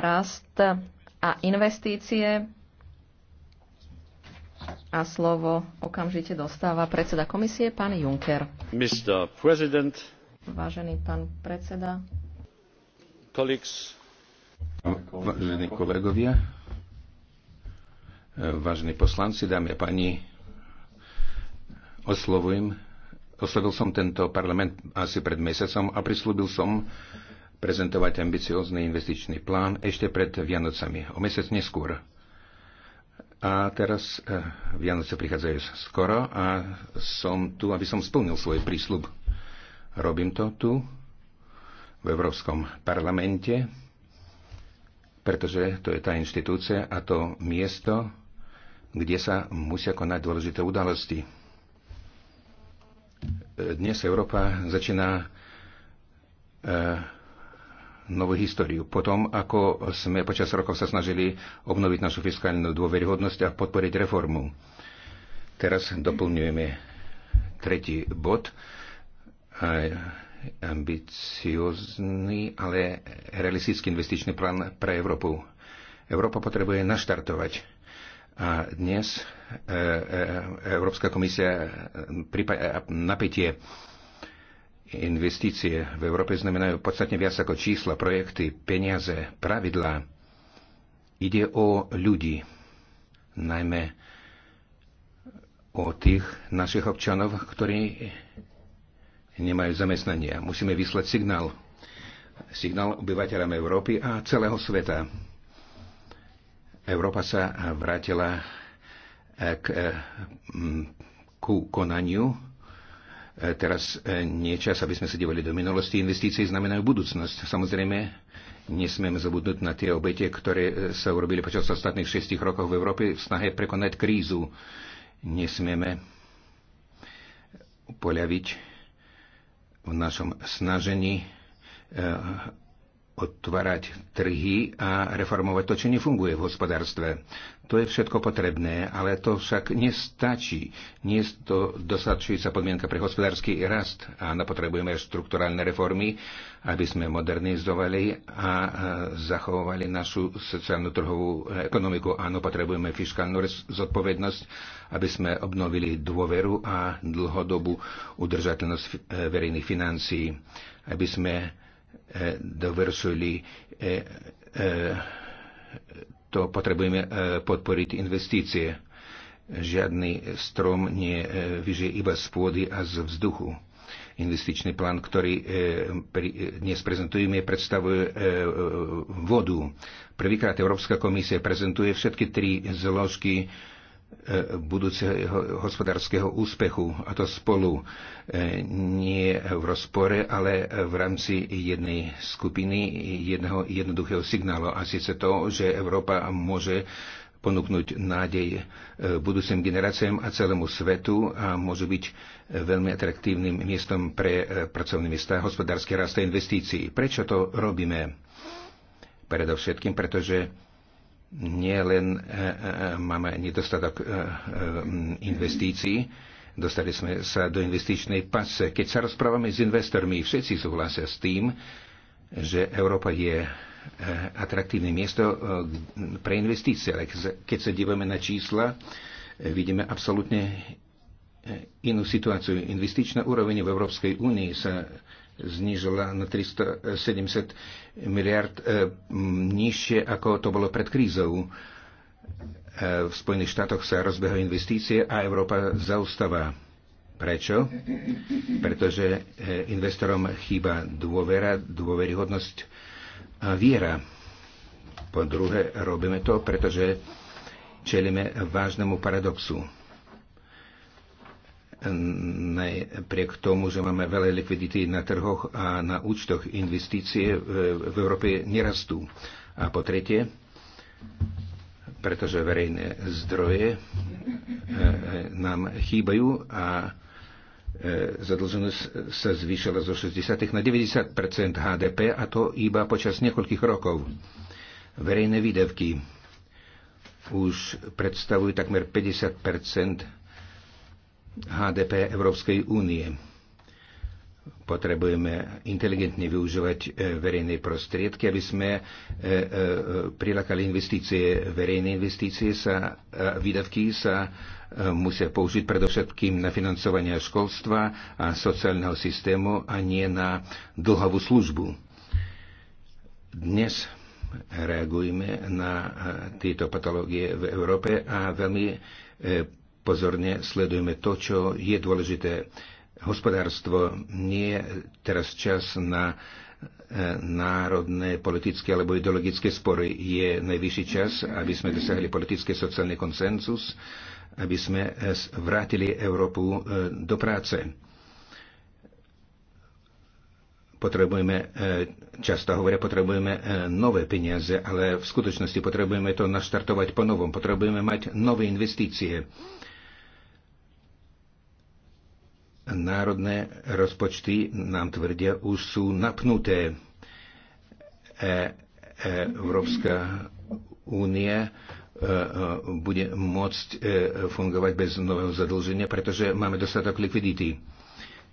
rast a investície. A slovo okamžite dostáva predseda komisie, pán Juncker. Mr. President. Vážený pán predseda. Colleagues. Vážení kolegovia, vážení poslanci, dámy a páni, oslovujem, oslovil som tento parlament asi pred mesiacom a prislúbil som, prezentovať ambiciózny investičný plán ešte pred Vianocami, o mesiac neskôr. A teraz eh, Vianoce prichádzajú skoro a som tu, aby som splnil svoj prísľub. Robím to tu, v Európskom parlamente, pretože to je tá inštitúcia a to miesto, kde sa musia konať dôležité udalosti. Dnes Európa začína eh, novú históriu. Potom, ako sme počas rokov sa snažili obnoviť našu fiskálnu dôveryhodnosť a podporiť reformu. Teraz doplňujeme tretí bod, ambiciozný, ale realistický investičný plán pre Európu. Európa potrebuje naštartovať. A dnes e, e, Európska komisia e, napätie investície v Európe znamenajú podstatne viac ako čísla, projekty, peniaze, pravidlá. Ide o ľudí, najmä o tých našich občanov, ktorí nemajú zamestnania. Musíme vyslať signál. Signál obyvateľom Európy a celého sveta. Európa sa vrátila k, mm, k konaniu E, teraz e, nie čas, aby sme sa divali do minulosti. Investície znamenajú budúcnosť. Samozrejme, nesmieme zabudnúť na tie obete, ktoré e, sa urobili počas ostatných šestich rokov v Európe v snahe prekonať krízu. Nesmieme poľaviť v našom snažení otvárať trhy a reformovať to, čo nefunguje v hospodárstve. To je všetko potrebné, ale to však nestačí. Nie je to dostačujúca podmienka pre hospodársky rast. Áno, potrebujeme štrukturálne reformy, aby sme modernizovali a zachovali našu sociálnu trhovú ekonomiku. Áno, potrebujeme fiskálnu zodpovednosť, aby sme obnovili dôveru a dlhodobú udržateľnosť e, verejných financií, aby sme e, dovršili e, to potrebujeme e, podporiť investície. Žiadny strom nevyžije e, iba z pôdy a z vzduchu. Investičný plán, ktorý e, dnes prezentujeme, predstavuje vodu. Prvýkrát Európska komisia prezentuje všetky tri zložky E, budúceho hospodárskeho úspechu, a to spolu e, nie v rozpore, ale v rámci jednej skupiny, jedného jednoduchého signálu, a síce to, že Európa môže ponúknuť nádej e, budúcim generáciám a celému svetu a môže byť veľmi atraktívnym miestom pre pracovné miesta, hospodárske rast a investícií. Prečo to robíme? Predovšetkým, pretože nie len e, e, e, máme nedostatok investícií, dostali sme sa do investičnej pase. Keď sa rozprávame s investormi, všetci súhlasia s tým, že Európa je atraktívne miesto pre investície. Ale keď sa dívame na čísla, vidíme absolútne inú situáciu. Investičná úroveň v Európskej únii sa znížila na 370 miliard e, nižšie, ako to bolo pred krízou. E, v Spojených štátoch sa rozbehajú investície a Európa zaustáva. Prečo? Pretože e, investorom chýba dôvera, dôveryhodnosť a viera. Po druhé, robíme to, pretože čelíme vážnemu paradoxu napriek tomu, že máme veľa likvidity na trhoch a na účtoch investície e, v Európe nerastú. A po tretie, pretože verejné zdroje e, e, nám chýbajú a zadlženosť sa zvýšila zo 60 na 90 HDP a to iba počas niekoľkých rokov. Verejné výdavky už predstavujú takmer 50 HDP Európskej únie. Potrebujeme inteligentne využívať e, verejné prostriedky, aby sme e, e, prilákali investície. Verejné investície sa, výdavky sa musia použiť predovšetkým na financovanie školstva a sociálneho systému a nie na dlhovú službu. Dnes reagujeme na tieto patológie v Európe a veľmi pozorne sledujeme to, čo je dôležité. Hospodárstvo nie je teraz čas na e, národné, politické alebo ideologické spory. Je najvyšší čas, aby sme dosiahli politický sociálny konsenzus, aby sme e, vrátili Európu e, do práce. Potrebujeme, často hovoria, potrebujeme nové peniaze, ale v skutočnosti potrebujeme to naštartovať po novom. Potrebujeme mať nové investície národné rozpočty, nám tvrdia, už sú napnuté. E, e, Európska únia e, e, bude môcť e, fungovať bez nového zadlženia, pretože máme dostatok likvidity.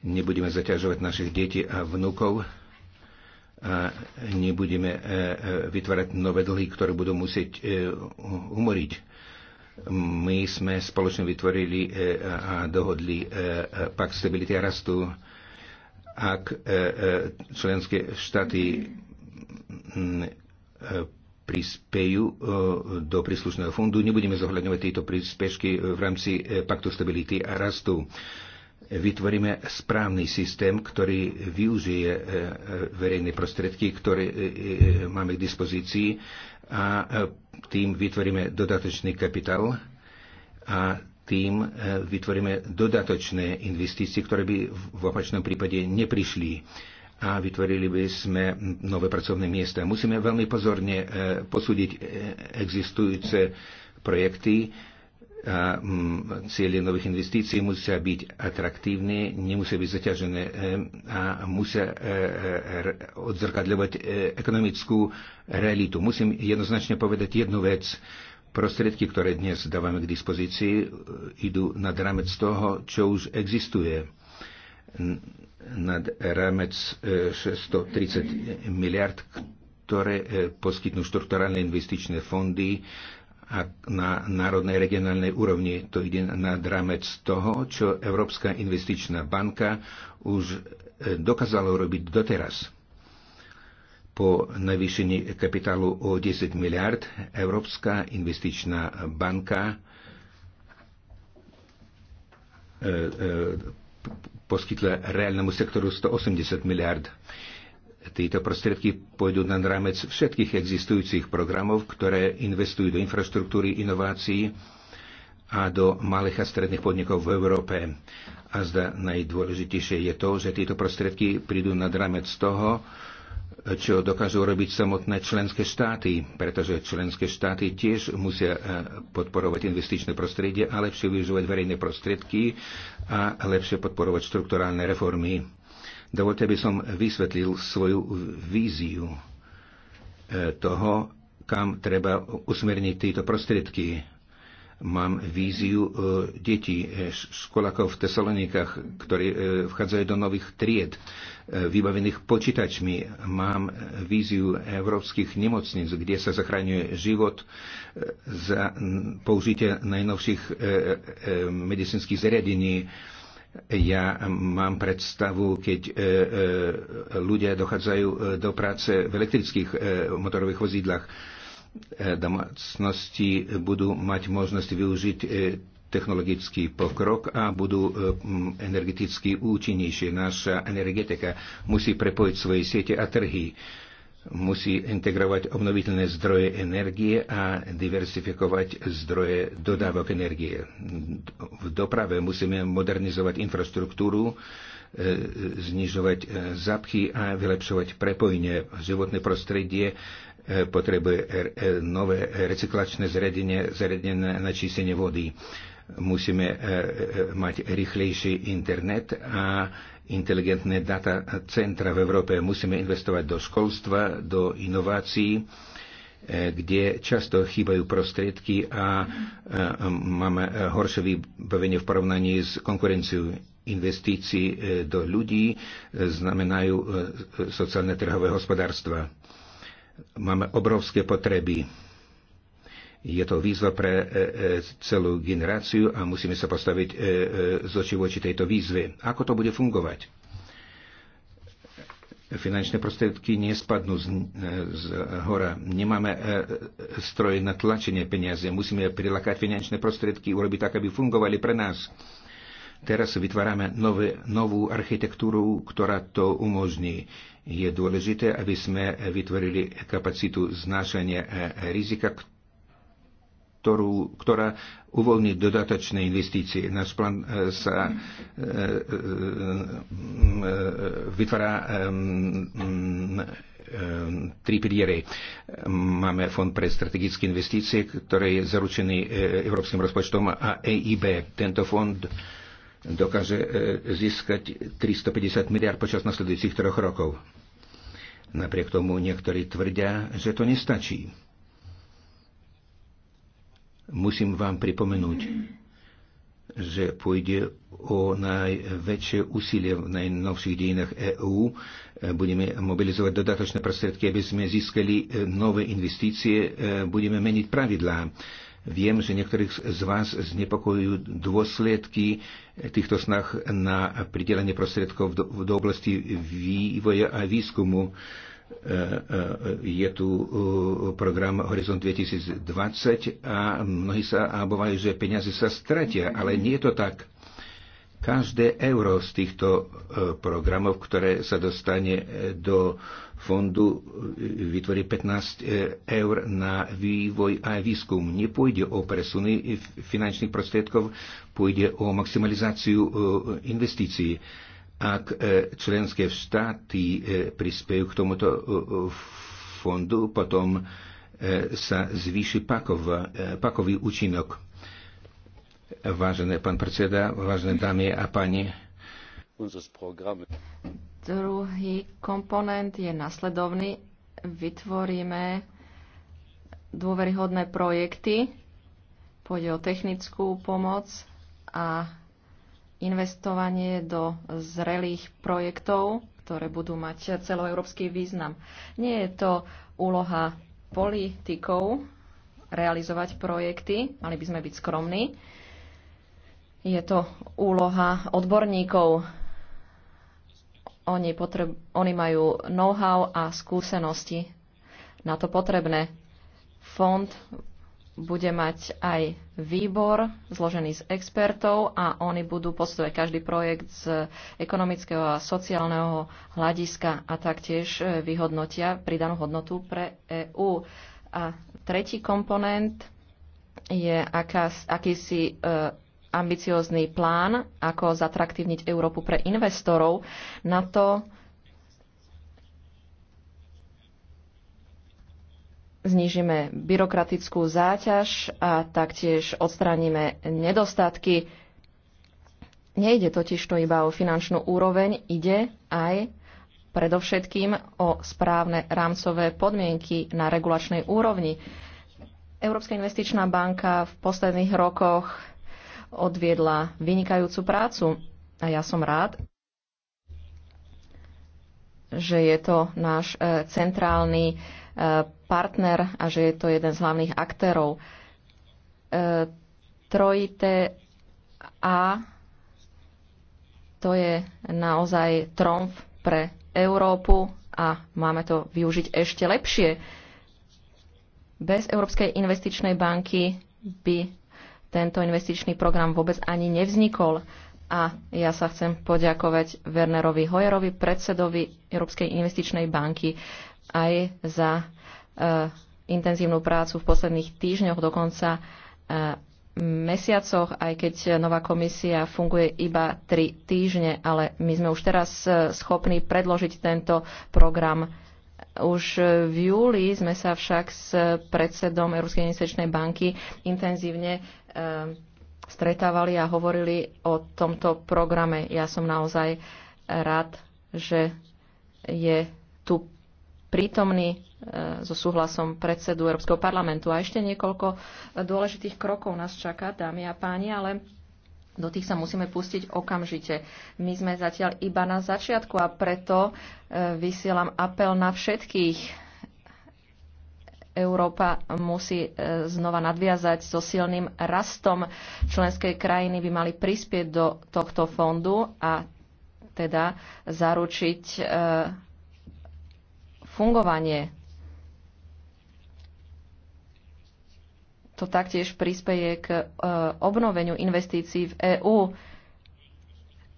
Nebudeme zaťažovať našich detí a vnúkov a nebudeme e, e, vytvárať nové dlhy, ktoré budú musieť e, umoriť my sme spoločne vytvorili e, a dohodli e, e, pakt stability a rastu. Ak členské štáty prispejú do príslušného fondu. Nebudeme zohľadňovať tieto príspešky v rámci Paktu stability a rastu. Vytvoríme správny systém, ktorý využije verejné prostriedky, ktoré máme k dispozícii a tým vytvoríme dodatočný kapitál a tým e, vytvoríme dodatočné investície, ktoré by v opačnom prípade neprišli a vytvorili by sme nové pracovné miesta. Musíme veľmi pozorne e, posúdiť e, existujúce projekty Mm, cieľe nových investícií musia byť atraktívne, nemusia byť zaťažené e, a musia e, e, odzrkadľovať ekonomickú realitu. Musím jednoznačne povedať jednu vec. Prostriedky, ktoré dnes dávame k dispozícii, idú nad rámec toho, čo už existuje. Nad rámec 630 miliard, ktoré poskytnú štrukturálne investičné fondy a na národnej regionálnej úrovni. To ide nad rámec toho, čo Európska investičná banka už e, dokázala robiť doteraz. Po navýšení kapitálu o 10 miliard Európska investičná banka e, e, poskytla reálnemu sektoru 180 miliard. Títo prostriedky pôjdu na rámec všetkých existujúcich programov, ktoré investujú do infraštruktúry inovácií a do malých a stredných podnikov v Európe. A zda najdôležitejšie je to, že tieto prostriedky prídu nad rámec toho, čo dokážu robiť samotné členské štáty, pretože členské štáty tiež musia e, podporovať investičné prostredie a lepšie využívať verejné prostriedky a lepšie podporovať štrukturálne reformy Dovolte, aby som vysvetlil svoju víziu eh, toho, kam treba usmerniť tieto prostriedky. Mám víziu eh, detí, eh, školákov v Tesalonikách, ktorí vchádzajú do nových tried, vybavených počítačmi. Mám víziu európskych nemocníc, kde sa zachraňuje život za použitie najnovších medicínskych zariadení ja mám predstavu, keď e, e, ľudia dochádzajú e, do práce v elektrických e, motorových vozidlách, e, domácnosti budú mať možnosť využiť e, technologický pokrok a budú e, m, energeticky účinnejšie. Naša energetika musí prepojiť svoje siete a trhy E, musí integrovať obnoviteľné zdroje energie a diversifikovať zdroje dodávok energie. V doprave musíme modernizovať infraštruktúru, e, znižovať e, zapchy a vylepšovať prepojenie. Životné prostredie e, potrebuje nové recyklačné zariadenie, zariadenie na čistenie vody. Musíme mať rýchlejší internet a inteligentné data centra v Európe. Musíme investovať do školstva, do inovácií, eh, kde často chýbajú prostriedky a eh, máme eh, horšie vybavenie v porovnaní s konkurenciou investícií do ľudí, znamenajú sociálne trhové hospodárstva. Máme obrovské potreby je to výzva pre e, e, celú generáciu a musíme sa postaviť e, z očí voči tejto výzve. Ako to bude fungovať? Finančné prostriedky nespadnú z, z hora. Nemáme stroj na tlačenie peniaze. Musíme prilakať finančné prostriedky, urobiť tak, aby fungovali pre nás. Teraz vytvárame nové, novú architektúru, ktorá to umožní. Je dôležité, aby sme vytvorili kapacitu znášania rizika, ktorú, ktorá uvoľní dodatočné investície. Náš plán e, sa e, e, vytvára tri piliere. Máme fond pre strategické investície, ktorý je zaručený európskym rozpočtom a EIB. Tento fond dokáže získať 350 miliard počas nasledujúcich troch rokov. Napriek tomu niektorí tvrdia, že to nestačí Musím vám pripomenúť, že pôjde o najväčšie úsilie v najnovších dejinách EÚ. Budeme mobilizovať dodatočné prostriedky, aby sme získali e, nové investície, e, budeme meniť pravidlá. Viem, že niektorých z vás znepokojujú dôsledky e, týchto snah na pridelenie prostriedkov do, do oblasti vývoja a výskumu. E, E, e, je tu e, program Horizont 2020 a mnohí sa obávajú, že peniaze sa stratia, ale nie je to tak. Každé euro z týchto programov, ktoré sa dostane do fondu, vytvorí 15 eur na vývoj a výskum. Nepôjde o presuny finančných prostriedkov, pôjde o maximalizáciu investícií ak e, členské štáty e, prispejú k tomuto e, fondu, potom sa zvýši pakov, pakový účinok. Vážené pán predseda, vážené dámy a páni. Druhý komponent je nasledovný. Vytvoríme dôveryhodné projekty, pôjde o technickú pomoc a investovanie do zrelých projektov, ktoré budú mať celoeurópsky význam. Nie je to úloha politikov realizovať projekty, mali by sme byť skromní. Je to úloha odborníkov. Oni, potreb- oni majú know-how a skúsenosti na to potrebné. Fond bude mať aj výbor zložený z expertov a oni budú posúvať každý projekt z ekonomického a sociálneho hľadiska a taktiež e, vyhodnotia pridanú hodnotu pre EÚ. A tretí komponent je akás, akýsi e, ambiciózny plán, ako zatraktívniť Európu pre investorov. Na to znižíme byrokratickú záťaž a taktiež odstránime nedostatky. Nejde totiž to iba o finančnú úroveň, ide aj predovšetkým o správne rámcové podmienky na regulačnej úrovni. Európska investičná banka v posledných rokoch odviedla vynikajúcu prácu a ja som rád, že je to náš e, centrálny e, partner a že je to jeden z hlavných aktérov. E, trojité A to je naozaj tromf pre Európu a máme to využiť ešte lepšie. Bez Európskej investičnej banky by tento investičný program vôbec ani nevznikol. A ja sa chcem poďakovať Wernerovi Hojerovi, predsedovi Európskej investičnej banky, aj za Eh, intenzívnu prácu v posledných týždňoch, dokonca eh, mesiacoch, aj keď nová komisia funguje iba tri týždne, ale my sme už teraz eh, schopní predložiť tento program. Už v júli sme sa však s predsedom Európskej investičnej banky intenzívne stretávali a hovorili o tomto programe. Ja som naozaj rád, že je tu Prítomný, e, so súhlasom predsedu Európskeho parlamentu. A ešte niekoľko e, dôležitých krokov nás čaká, dámy a páni, ale do tých sa musíme pustiť okamžite. My sme zatiaľ iba na začiatku a preto e, vysielam apel na všetkých. Európa musí znova nadviazať so silným rastom. Členské krajiny by mali prispieť do tohto fondu a teda zaručiť fungovanie. To taktiež prispieje k e, obnoveniu investícií v EÚ.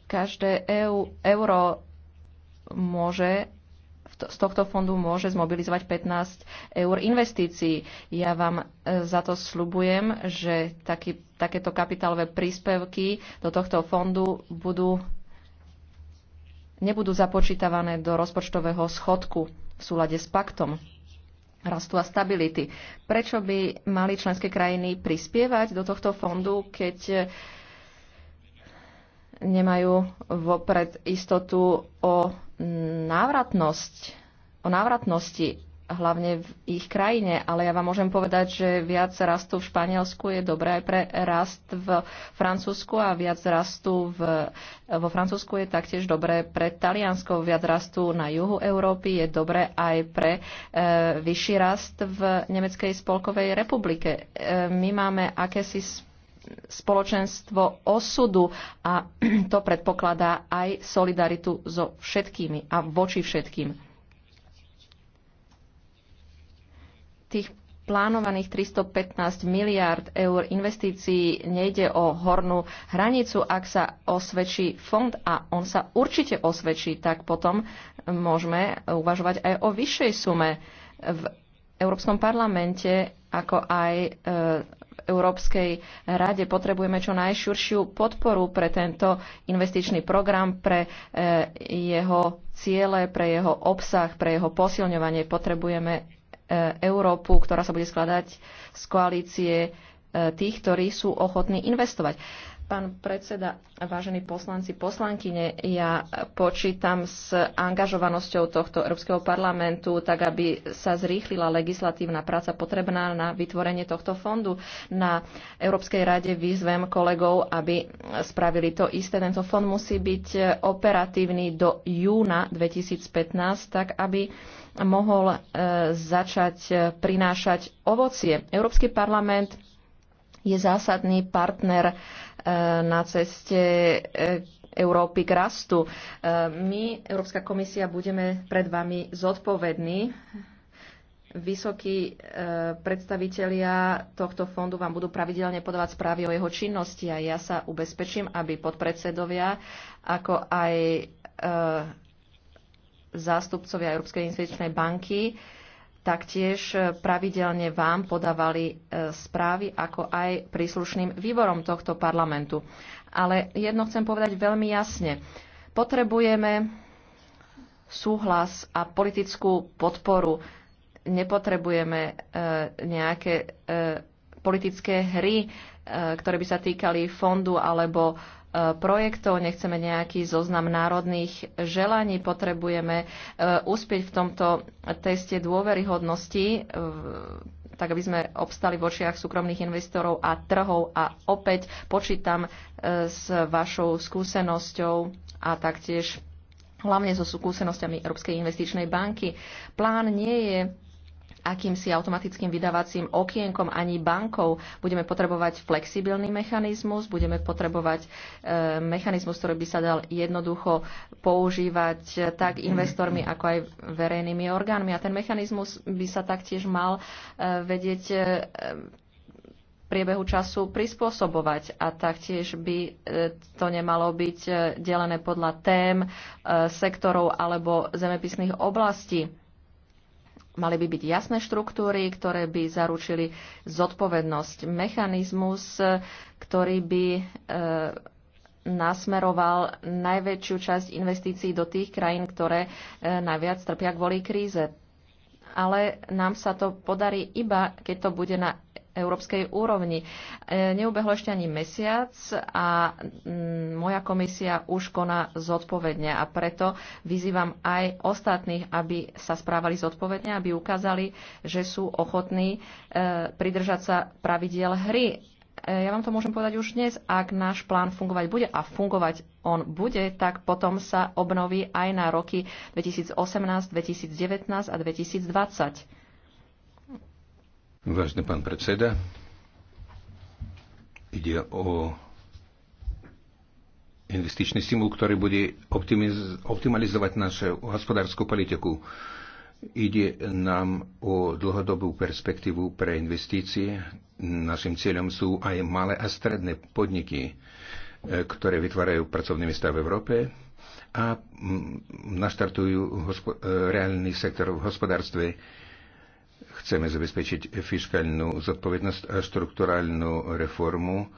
Každé EU, euro môže z tohto fondu môže zmobilizovať 15 eur investícií. Ja vám e, za to slubujem, že taký, takéto kapitálové príspevky do tohto fondu budú, nebudú započítavané do rozpočtového schodku v súlade s paktom rastu a stability. Prečo by mali členské krajiny prispievať do tohto fondu, keď nemajú vopred istotu o návratnosť, o návratnosti hlavne v ich krajine. Ale ja vám môžem povedať, že viac rastu v Španielsku je dobré aj pre rast v Francúzsku a viac rastu v, vo Francúzsku je taktiež dobré pre Taliansko. Viac rastu na juhu Európy je dobré aj pre e, vyšší rast v Nemeckej spolkovej republike. E, my máme akési spoločenstvo osudu a to predpokladá aj solidaritu so všetkými a voči všetkým. tých plánovaných 315 miliárd eur investícií nejde o hornú hranicu. Ak sa osvedčí fond a on sa určite osvedčí, tak potom môžeme uvažovať aj o vyššej sume. V Európskom parlamente, ako aj e, v Európskej rade potrebujeme čo najširšiu podporu pre tento investičný program, pre e, jeho ciele, pre jeho obsah, pre jeho posilňovanie. Potrebujeme E, Európu, ktorá sa bude skladať z koalície e, tých, ktorí sú ochotní investovať. Pán predseda, vážení poslanci, poslankyne, ja počítam s angažovanosťou tohto Európskeho parlamentu, tak aby sa zrýchlila legislatívna práca potrebná na vytvorenie tohto fondu. Na Európskej rade vyzvem kolegov, aby spravili to isté. Tento fond musí byť operatívny do júna 2015, tak aby mohol e, začať e, prinášať ovocie. Európsky parlament je zásadný partner Eh, na ceste eh, Európy k rastu. Eh, my, Európska komisia, budeme pred vami zodpovední. Vysokí predstavitelia tohto fondu vám budú pravidelne podávať správy o jeho činnosti a ja sa ubezpečím, aby podpredsedovia, ako aj zástupcovia Európskej investičnej banky taktiež e, pravidelne vám podávali e, správy, ako aj príslušným výborom tohto parlamentu. Ale jedno chcem povedať veľmi jasne. Potrebujeme súhlas a politickú podporu. Nepotrebujeme e, nejaké politické hry, ktoré by sa týkali fondu alebo projektov, nechceme nejaký zoznam národných želaní, potrebujeme e, uspieť v tomto teste dôveryhodnosti, e, tak aby sme obstali v očiach súkromných investorov a trhov a opäť počítam e, s vašou skúsenosťou a taktiež hlavne so skúsenosťami Európskej investičnej banky. Plán nie je akýmsi automatickým vydávacím okienkom ani bankou. Budeme potrebovať flexibilný mechanizmus, budeme potrebovať e, mechanizmus, ktorý by sa dal jednoducho používať tak investormi, ako aj verejnými orgánmi. A ten mechanizmus by sa taktiež mal e, vedieť e, priebehu času prispôsobovať a taktiež by to nemalo byť delené podľa tém, sektorov alebo zemepisných oblastí Mali by byť jasné štruktúry, ktoré by zaručili zodpovednosť, mechanizmus, e, ktorý by e, nasmeroval najväčšiu časť investícií do tých krajín, ktoré e, najviac trpia kvôli kríze. Ale nám sa to podarí iba, keď to bude na európskej úrovni. E, neubehlo ešte ani mesiac a mm, moja komisia už koná zodpovedne a preto vyzývam aj ostatných, aby sa správali zodpovedne, aby ukázali, že sú ochotní e, pridržať sa pravidiel hry. E, ja vám to môžem povedať už dnes, ak náš plán fungovať bude a fungovať on bude, tak potom sa obnoví aj na roky 2018, 2019 a 2020 Vážny pán predseda, ide o investičný stimul, ktorý bude optimiz- optimalizovať našu hospodárskú politiku. Ide nám o dlhodobú perspektívu pre investície. Našim cieľom sú aj malé a stredné podniky, e, ktoré vytvárajú pracovné miesta v Európe a mm, naštartujú e, reálny sektor v hospodárstve Chceme zabezpečiť fiskálnu zodpovednosť a štruktúrálnu reformu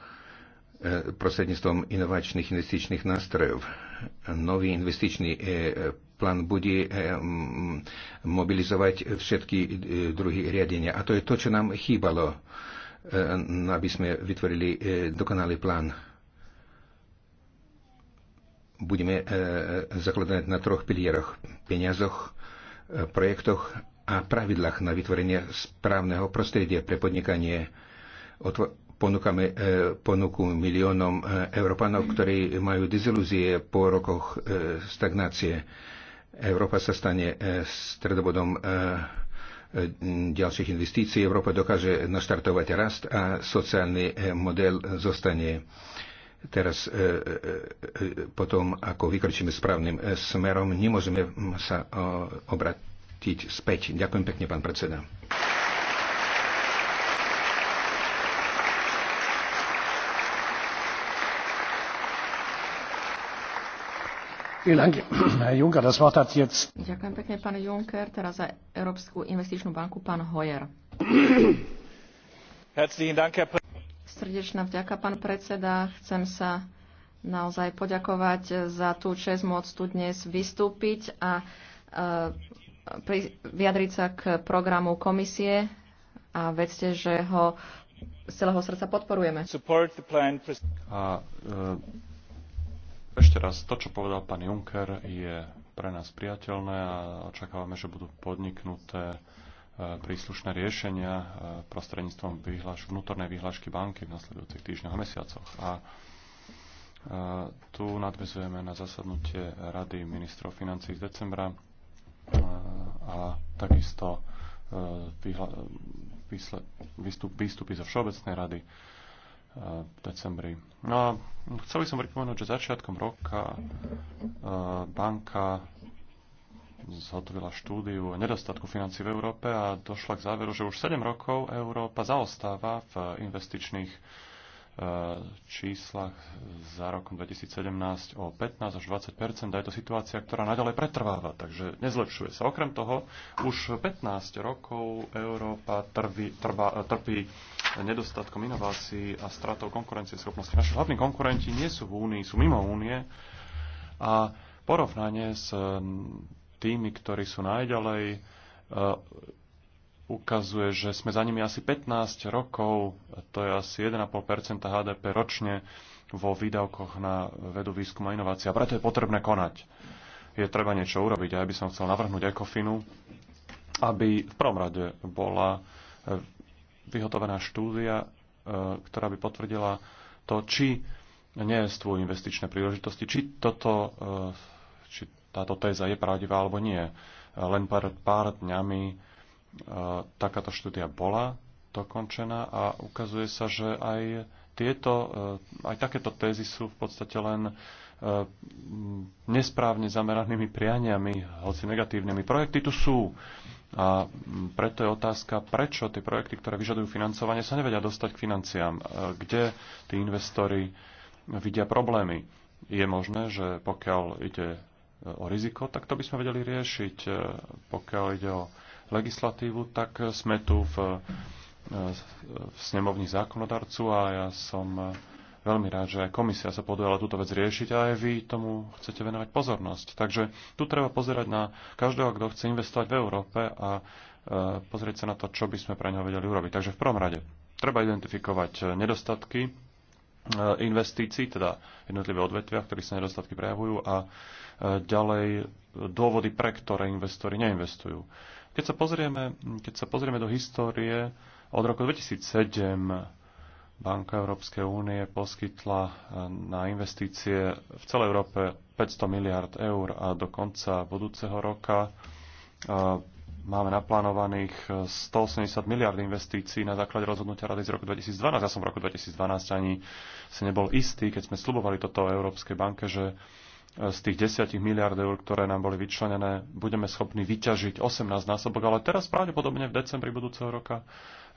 e, prostredníctvom inovačných investičných nástrojov. Nový investičný e, plán bude e, mobilizovať všetky druhy riadenia. A to je to, čo nám chýbalo, no, aby sme vytvorili dokonalý plán. Budeme zakladať na troch pilieroch. Peniazoch, projektoch a pravidlách na vytvorenie správneho prostredia pre podnikanie. ponúkame e, ponuku miliónom e, Európanov, ktorí majú dizilúzie po rokoch e, stagnácie. Európa sa stane e, stredobodom e, e ďalších investícií. Európa dokáže naštartovať rast a sociálny e, model zostane teraz e, potom, ako vykročíme správnym smerom, nemôžeme sa obrať vrátiť späť. Ďakujem pekne, pán predseda. Ďakujem pekne, pán Juncker. Teraz za Európsku investičnú banku pán Hoyer. Srdečná vďaka, pán predseda. Chcem sa naozaj poďakovať za tú čest môcť tu dnes vystúpiť a e, vyjadriť sa k programu komisie a vedzte, že ho z celého srdca podporujeme. A e, ešte raz, to, čo povedal pán Juncker, je pre nás priateľné a očakávame, že budú podniknuté e, príslušné riešenia e, prostredníctvom vnútornej vyhlášky banky v nasledujúcich týždňoch a mesiacoch. A e, tu nadvezujeme na zasadnutie Rady ministrov financí z decembra a takisto e, výstupy zo Všeobecnej rady e, v decembri. No a chcel by som pripomenúť, že začiatkom roka e, banka zhotovila štúdiu o nedostatku financí v Európe a došla k záveru, že už 7 rokov Európa zaostáva v investičných Eh, číslach za rokom 2017 o 15 až 20 a je to situácia, ktorá naďalej pretrváva, takže nezlepšuje sa. Okrem toho, už 15 rokov Európa trví, trvá, eh, trpí nedostatkom inovácií a stratou konkurencieschopnosti. Naši hlavní konkurenti nie sú v Únii, sú mimo Únie a porovnanie s mm, tými, ktorí sú najďalej, eh, ukazuje, že sme za nimi asi 15 rokov, to je asi 1,5 HDP ročne vo výdavkoch na vedu, výskum a inovácia. Preto je potrebné konať. Je treba niečo urobiť a ja by som chcel navrhnúť ECOFINu, aby v prvom rade bola e, vyhotovená štúdia, e, ktorá by potvrdila to, či nie neestvujú investičné príležitosti, či, toto, e, či táto téza je pravdivá alebo nie. Len pár, pár dňami takáto štúdia bola dokončená a ukazuje sa, že aj, tieto, e, aj takéto tézy sú v podstate len e, nesprávne zameranými prianiami, hoci negatívnymi. Projekty tu sú. A preto je otázka, prečo tie projekty, ktoré vyžadujú financovanie, sa nevedia dostať k financiám. E, kde tí investori vidia problémy? Je možné, že pokiaľ ide o riziko, tak to by sme vedeli riešiť. Pokiaľ ide o legislatívu, tak sme tu v, v snemovni zákonodarcu a ja som veľmi rád, že aj komisia sa podujala túto vec riešiť a aj vy tomu chcete venovať pozornosť. Takže tu treba pozerať na každého, kto chce investovať v Európe a e, pozrieť sa na to, čo by sme pre neho vedeli urobiť. Takže v prvom rade treba identifikovať nedostatky Eh, investícií, teda jednotlivé odvetvia, ktoré sa nedostatky prejavujú a eh, ďalej dôvody, pre ktoré investori neinvestujú. Keď sa pozrieme, keď sa pozrieme do histórie, od roku 2007 Banka Európskej únie poskytla eh, na investície v celej Európe 500 miliard eur a do konca budúceho roka máme naplánovaných 180 eh, miliard investícií na základe rozhodnutia rady z roku 2012. Ja som v roku 2012 ani si nebol istý, keď sme slubovali toto Európskej banke, že eh, z tých 10 miliard eur, ktoré nám boli vyčlenené, budeme schopní vyťažiť 18 násobok, ale teraz pravdepodobne v decembri budúceho roka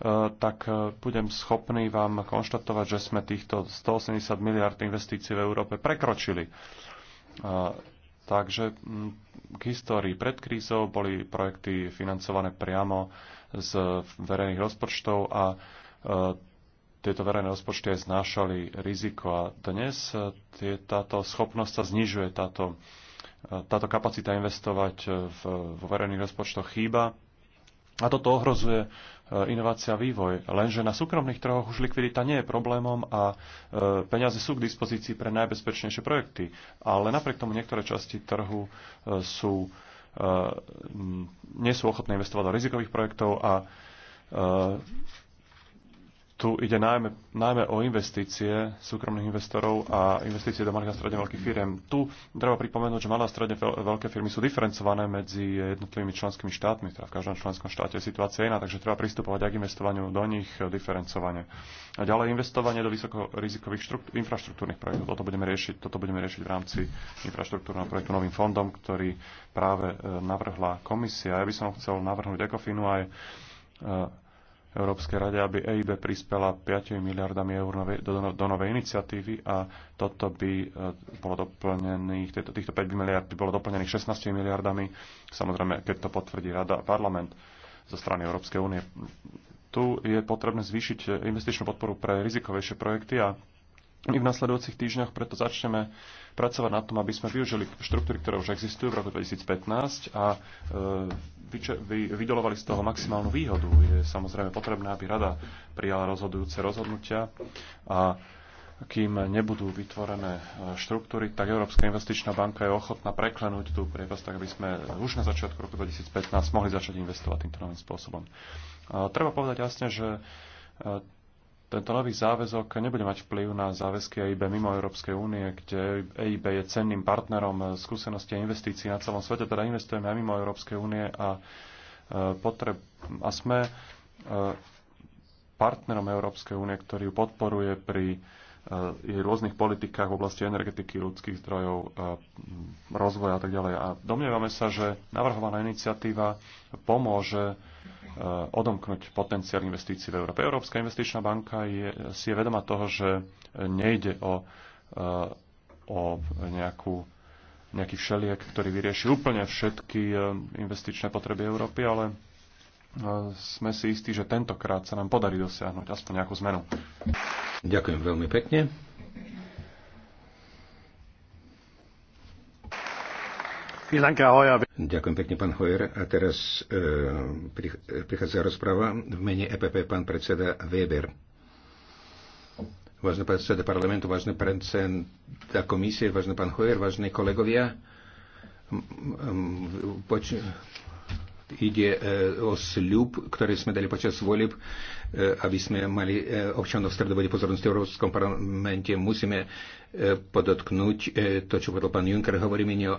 eh, tak budem schopný vám konštatovať, že sme týchto 180 miliard investícií v Európe prekročili. Takže mm, k histórii pred krízou boli projekty financované priamo z verejných rozpočtov a e, tieto verejné rozpočty aj znášali riziko. A dnes e, tie, táto schopnosť sa znižuje, táto, e, táto kapacita investovať v, vo verejných rozpočtoch chýba. A toto ohrozuje E, inovácia a vývoj. Lenže na súkromných trhoch už likvidita nie je problémom a e, peniaze sú k dispozícii pre najbezpečnejšie projekty. Ale napriek tomu niektoré časti trhu e, sú, nie sú ochotné investovať do rizikových projektov a tu ide najmä, najmä o investície súkromných investorov a investície do malých a stredne veľkých firiem. Tu treba pripomenúť, že malé a stredne veľké firmy sú diferencované medzi jednotlivými členskými štátmi. Teda v každom členskom štáte je situácia iná, takže treba pristupovať aj k investovaniu do nich diferencovane. A ďalej investovanie do vysokorizikových štruktúr, infraštruktúrnych projektov. Toto budeme riešiť, toto budeme riešiť v rámci infraštruktúrneho projektu novým fondom, ktorý práve e, navrhla komisia. Ja by som chcel navrhnúť ECOFINu aj e, Európskej rade, aby EIB prispela 5 miliardami eur do, do novej iniciatívy a toto by e, bolo doplnených, týchto, týchto 5 miliard by bolo doplnených 16 miliardami, samozrejme, keď to potvrdí Rada a parlament zo strany Európskej únie. Tu je potrebné zvýšiť investičnú podporu pre rizikovejšie projekty a my v nasledujúcich týždňoch preto začneme pracovať na tom, aby sme využili štruktúry, ktoré už existujú v roku 2015 a e, vydolovali z toho maximálnu výhodu. Je samozrejme potrebné, aby rada prijala rozhodujúce rozhodnutia a kým nebudú vytvorené e, štruktúry, tak Európska investičná banka je ochotná preklenúť tú priepas, tak aby sme už na začiatku roku 2015 mohli začať investovať týmto novým spôsobom. E, treba povedať jasne, že tento nový záväzok nebude mať vplyv na záväzky EIB mimo Európskej únie, kde EIB je cenným partnerom e, skúsenosti a investícií na celom svete, teda investujeme aj mimo Európskej únie a, e, potreb, a sme e, partnerom Európskej únie, ktorý ju podporuje pri jej rôznych politikách v oblasti energetiky, ľudských zdrojov, rozvoja a tak ďalej. A domnievame sa, že navrhovaná iniciatíva pomôže Eh, odomknúť potenciál investícií v Európe. Európska investičná banka je, si je vedoma toho, že nejde o, eh, o nejakú, nejaký všeliek, ktorý vyrieši úplne všetky eh, investičné potreby Európy, ale sme si istí, že tentokrát sa nám podarí dosiahnuť aspoň nejakú zmenu. Ďakujem veľmi pekne. Ďakujem pekne, pán Hojer. A teraz e, prichádza rozpráva v mene EPP pán predseda Weber. Vážne predseda parlamentu, vážne predseda komisie, vážne pán Hojer, vážne kolegovia. Poč- ide e, o sľub, ktorý sme dali počas volieb, e, aby sme mali e, občanov stredovať pozornosti v Európskom parlamente. Musíme podotknúť to, čo povedal pán Juncker. Hovoríme nie o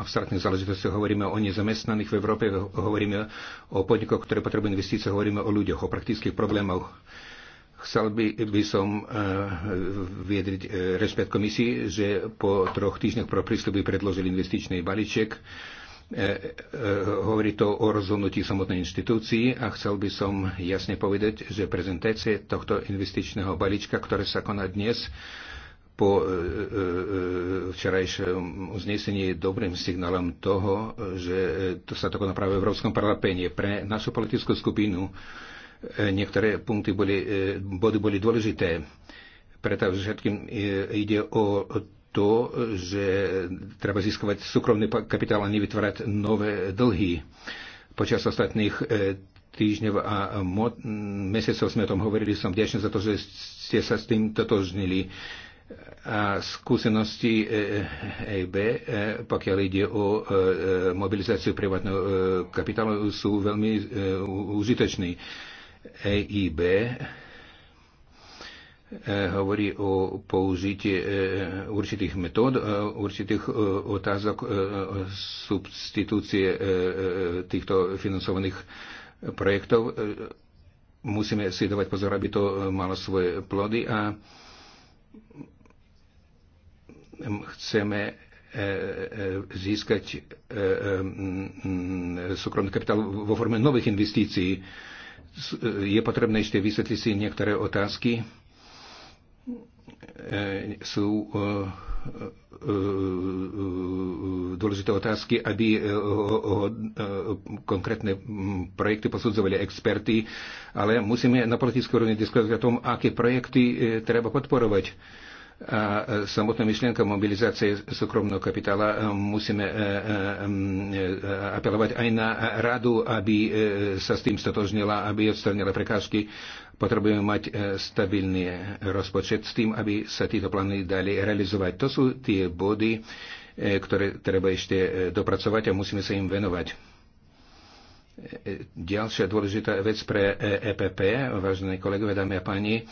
abstraktných záležitostiach, hovoríme o nezamestnaných v Európe, hovoríme o podnikoch, ktoré potrebujú investície, hovoríme o ľuďoch, o praktických problémoch. Chcel by, by som uh, viedriť uh, respekt komisii, že po troch týždňoch pro prísľuby predložili investičný balíček. Uh, E, e, hovorí to o rozhodnutí samotnej inštitúcii a chcel by som jasne povedať, že prezentácie tohto investičného balíčka, ktoré sa koná dnes, po e, včerajšom uznesení je dobrým signálom toho, že to sa to koná práve v Európskom parlamente. Pre našu politickú skupinu niektoré punkty boli, body boli dôležité. Preto všetkým ide o to, že treba získavať súkromný kapitál a nevytvárať nové dlhy. Počas ostatných e, týždňov a mesiacov sme o tom hovorili. Som vďačný za to, že ste sa s tým totožnili. A skúsenosti EIB, e, e, pokiaľ ide o mobilizáciu privátneho kapitálu, sú veľmi užitočné. EIB E, hovorí o použití e, určitých metód, e, určitých otázok substitúcie týchto financovaných projektov. Musíme si dávať pozor, aby to malo svoje plody a chceme získať súkromný kapitál vo forme nových investícií. Je potrebné ešte vysvetliť si niektoré otázky E, sú e, e, dôležité otázky, aby konkrétne projekty posudzovali experty, ale musíme na politickej úrovni diskutovať o tom, aké projekty treba podporovať. A samotná myšlienka mobilizácie súkromného kapitála musíme apelovať aj na radu, aby sa s tým stotožnila, aby odstranila prekážky Potrebujeme mať e, stabilný e, rozpočet s tým, aby sa títo plány dali realizovať. To sú tie body, e, ktoré treba ešte dopracovať a musíme sa im venovať. Ďalšia dôležitá vec pre EPP, vážené kolegové, dámy a páni,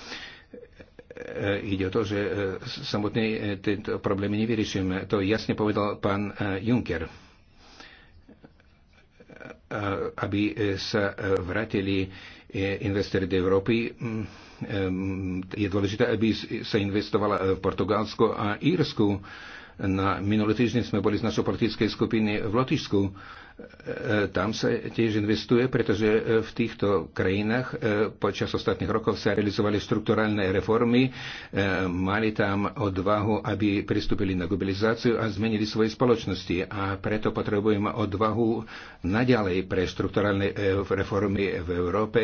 ide o to, že samotné tieto problémy nevyriešime. To jasne povedal pán Juncker. Aby sa vrátili investori do Európy. Mm, je dôležité, aby sa investovala v e, Portugalsko a Írsku. Na minulý týždeň sme boli z našej politickej skupiny v Lotyšsku E, tam sa tiež investuje, pretože e, v týchto krajinách e, počas ostatných rokov sa realizovali strukturálne reformy, mali tam odvahu, aby pristúpili na globalizáciu a zmenili svoje spoločnosti. A preto potrebujeme odvahu naďalej pre strukturálne reformy v Európe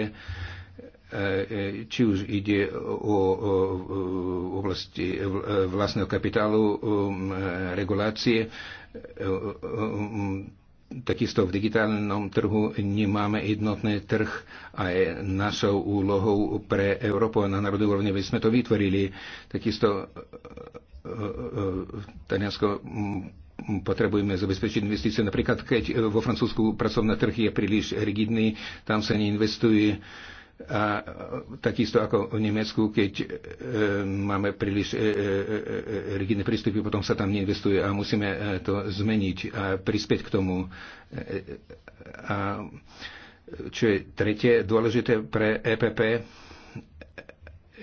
či už ide o oblasti vlastného kapitálu, um, regulácie, um, Takisto v digitálnom trhu nemáme jednotný trh a je našou úlohou pre Európu a na národnej úrovni, aby sme to vytvorili. Takisto e, e, e, Taliansko potrebujeme zabezpečiť investície. Napríklad, keď vo Francúzsku pracovný trh je príliš rigidný, tam sa neinvestuje a e, takisto ako v Nemecku, keď e, máme príliš e, e, e, e rigidné prístupy, potom sa tam neinvestuje a musíme to zmeniť a prispieť k tomu. A čo je tretie dôležité pre EPP,